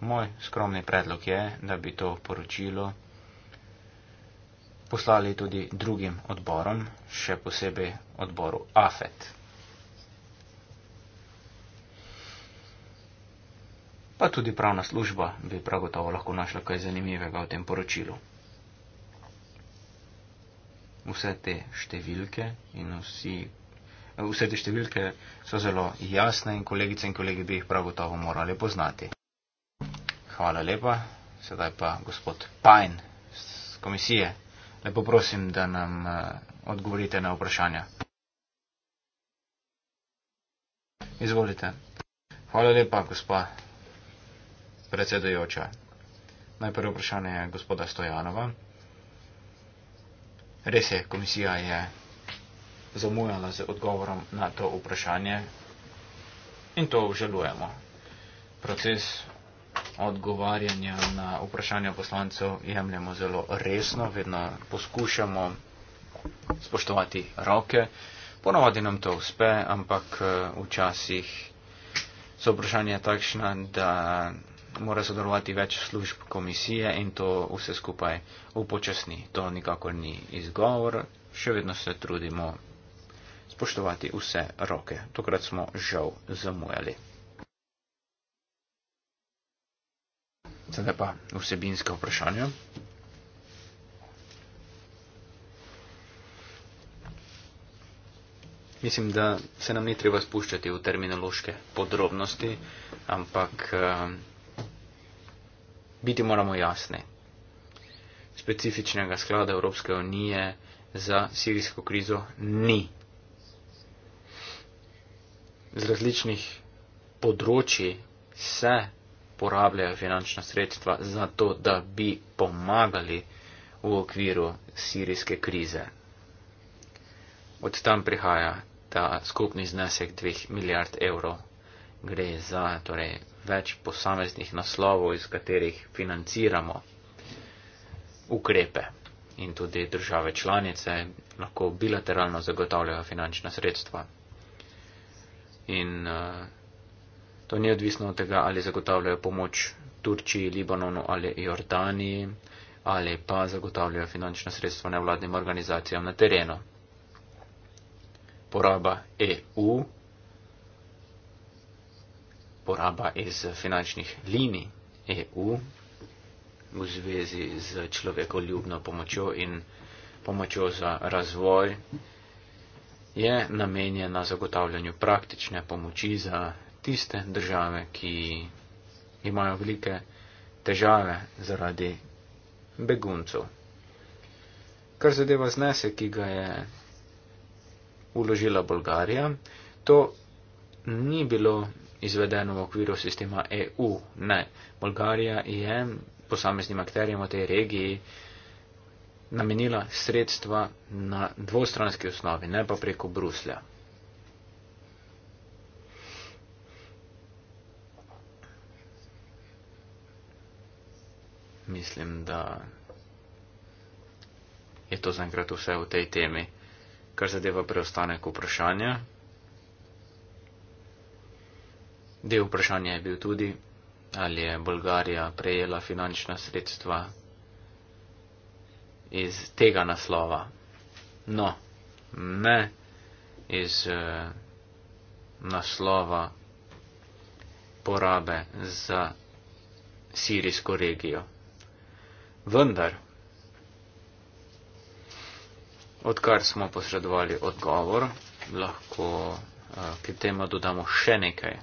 Moj skromni predlog je, da bi to poročilo poslali tudi drugim odborom, še posebej odboru AFET. Pa tudi pravna služba bi prav gotovo lahko našla kaj zanimivega v tem poročilu. Vse te številke in vsi. Vse te številke so zelo jasne in kolegice in kolegi bi jih prav gotovo morali poznati. Hvala lepa. Sedaj pa gospod Pajn z komisije. Lepo prosim, da nam eh, odgovorite na vprašanja. Izvolite. Hvala lepa, gospa predsedojoča. Najprej vprašanje je gospoda Stojanova. Res je, komisija je zamujala z odgovorom na to vprašanje in to obžalujemo. Proces odgovarjanja na vprašanja poslancev jemljemo zelo resno, vedno poskušamo spoštovati roke. Ponovadi nam to uspe, ampak eh, včasih so vprašanja takšna, da mora sodelovati več služb komisije in to vse skupaj upočasni. To nikakor ni izgovor, še vedno se trudimo spoštovati vse roke. Tokrat smo žal zamujali. Sedaj pa vsebinske vprašanja. Mislim, da se nam ni treba spuščati v terminološke podrobnosti, ampak eh, biti moramo jasni. Specifičnega sklada Evropske unije za sirijsko krizo ni. Z različnih področji se porabljajo finančna sredstva za to, da bi pomagali v okviru sirijske krize. Od tam prihaja ta skupni znesek 2 milijard evrov. Gre za torej, več posameznih naslovov, iz katerih financiramo ukrepe in tudi države članice lahko bilateralno zagotavljajo finančna sredstva. In uh, To ni odvisno od tega, ali zagotavljajo pomoč Turčiji, Libanonu ali Jordaniji, ali pa zagotavljajo finančno sredstvo nevladnim organizacijam na terenu. Poraba EU, poraba iz finančnih linij EU v zvezi z človekoljubno pomočjo in pomočjo za razvoj je namenjena zagotavljanju praktične pomoči za tiste države, ki imajo velike težave zaradi beguncov. Kar zadeva znese, ki ga je uložila Bolgarija, to ni bilo izvedeno v okviru sistema EU. Ne, Bolgarija je posameznim akterjem v tej regiji namenila sredstva na dvostranski osnovi, ne pa preko Bruslja. mislim, da je to zaenkrat vse v tej temi. Kar zadeva preostanek vprašanja, del vprašanja je bil tudi, ali je Bolgarija prejela finančna sredstva iz tega naslova. No, ne iz eh, naslova porabe za sirijsko regijo. Vendar, odkar smo posredovali odgovor, lahko eh, k temu dodamo še nekaj,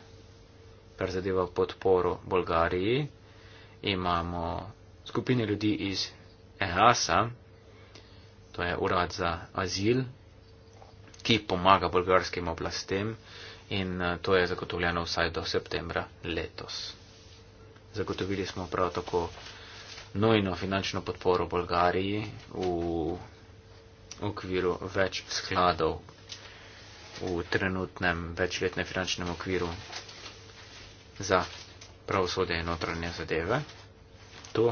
kar zadeva podporo Bolgariji. Imamo skupine ljudi iz EASA, to je urad za azil, ki pomaga bolgarskim oblastem in eh, to je zagotovljeno vsaj do septembra letos. Zagotovili smo prav tako nujno finančno podporo Bolgariji v okviru več skladov v trenutnem večletnem finančnem okviru za pravosodje in notranje zadeve. To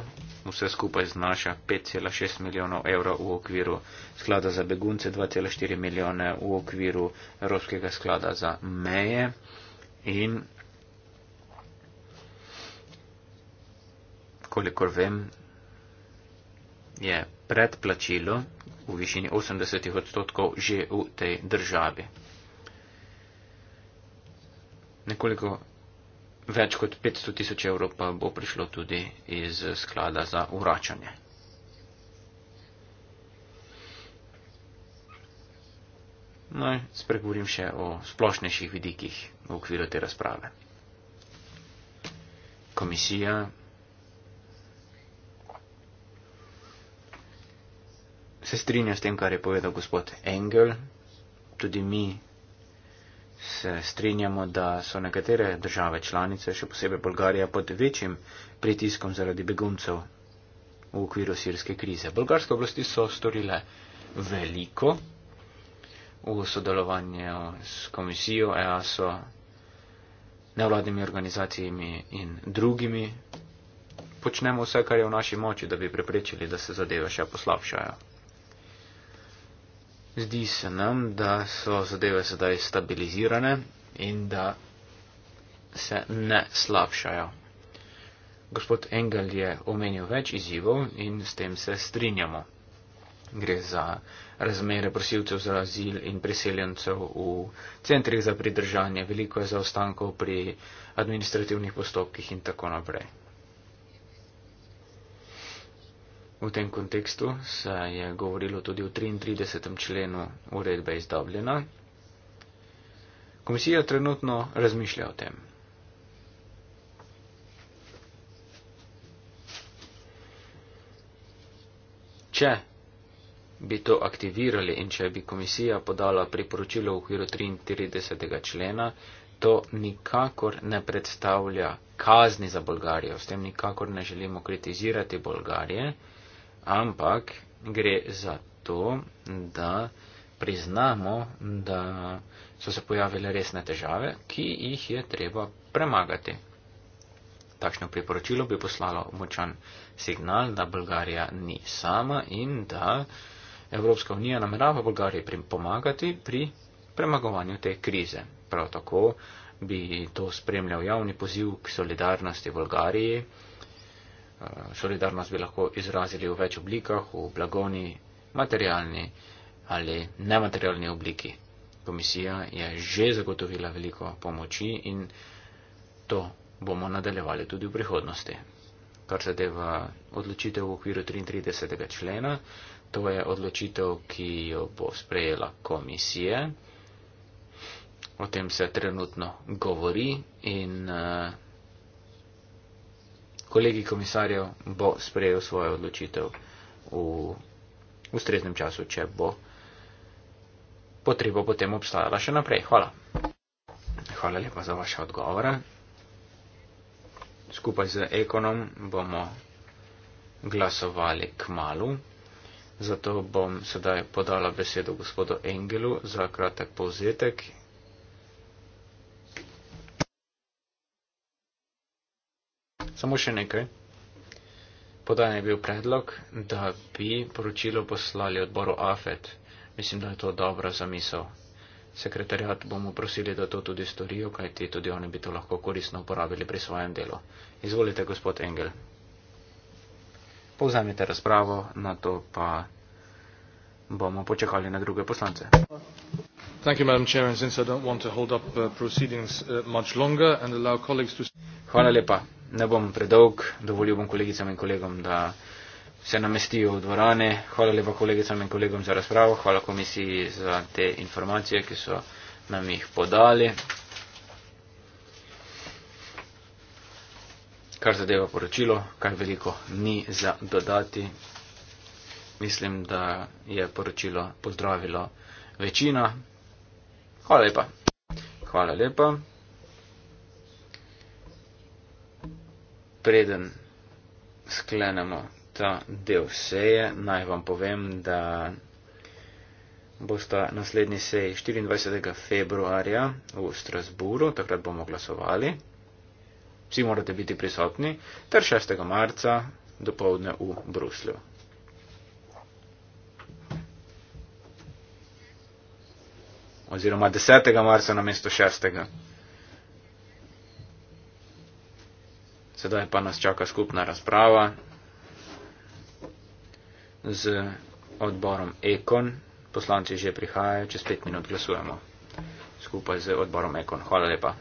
vse skupaj znaša 5,6 milijonov evrov v okviru sklada za begunce, 2,4 milijone v okviru Evropskega sklada za meje in kolikor vem, je predplačilo v višini 80 odstotkov že v tej državi. Nekoliko več kot 500 tisoč evrov pa bo prišlo tudi iz sklada za uračanje. No, spregovorim še o splošnejših vidikih v okviru te razprave. Komisija se strinja s tem, kar je povedal gospod Engel. Tudi mi se strinjamo, da so nekatere države članice, še posebej Bolgarija, pod večjim pritiskom zaradi beguncev v okviru sirske krize. Bolgarske oblasti so storile veliko v sodelovanju s komisijo EASO, nevladnimi organizacijami in drugimi. Počnemo vse, kar je v naši moči, da bi preprečili, da se zadeve še poslabšajo zdi se nam, da so zadeve sedaj stabilizirane in da se ne slabšajo. Gospod Engel je omenil več izzivov in s tem se strinjamo. Gre za razmere prosilcev za azil in priseljencev v centrih za pridržanje, veliko je zaostankov pri administrativnih postopkih in tako naprej. V tem kontekstu se je govorilo tudi o 33. členu uredbe iz Dobljena. Komisija trenutno razmišlja o tem. Če bi to aktivirali in če bi komisija podala priporočilo v okviru 33. člena, to nikakor ne predstavlja kazni za Bolgarijo. S tem nikakor ne želimo kritizirati Bolgarije ampak gre za to, da priznamo, da so se pojavile resne težave, ki jih je treba premagati. Takšno priporočilo bi poslalo močan signal, da Bolgarija ni sama in da Evropska unija namerava Bolgariji pomagati pri premagovanju te krize. Prav tako bi to spremljal javni poziv k solidarnosti Bolgariji. Eh, solidarnost bi lahko izrazili v več oblikah, v blagovni, materialni ali nematerialni obliki. Komisija je že zagotovila veliko pomoči in to bomo nadaljevali tudi v prihodnosti. Kar zadeva odločitev v okviru 33. člena, to je odločitev, ki jo bo sprejela komisija. O tem se trenutno govori in uh, kolegi komisarjev bo sprejel svojo odločitev v ustreznem času, če bo potreba potem obstajala še naprej. Hvala. Hvala lepa za vaše odgovore. Skupaj z Ekonom bomo glasovali k malu. Zato bom sedaj podala besedo gospodu Engelu za kratek povzetek Samo še nekaj. Podan je bil predlog, da bi poročilo poslali odboru AFET. Mislim, da je to dobra zamisel. Sekretarjat bomo prosili, da to tudi storijo, kajti tudi oni bi to lahko koristno uporabili pri svojem delu. Izvolite, gospod Engel. Povzamite razpravo, na to pa bomo počakali na druge poslance. Uh, uh, Hvala lepa ne bom predolg, dovolil bom kolegicam in kolegom, da se namestijo v dvorane. Hvala lepa kolegicam in kolegom za razpravo, hvala komisiji za te informacije, ki so nam jih podali. Kar zadeva poročilo, kaj veliko ni za dodati. Mislim, da je poročilo pozdravilo večina. Hvala lepa. Hvala lepa. preden sklenemo ta del seje, naj vam povem, da bosta naslednji sej 24. februarja v Strasburu, takrat bomo glasovali. Vsi morate biti prisotni, ter 6. marca dopoledne v Bruslju. Oziroma 10. marca na mesto 6. Sedaj pa nas čaka skupna razprava z odborom Ekon. Poslanci že prihajajo, čez pet minut glasujemo skupaj z odborom Ekon. Hvala lepa.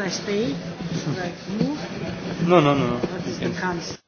they speak, they move. No, no, no, no. What is the cancer?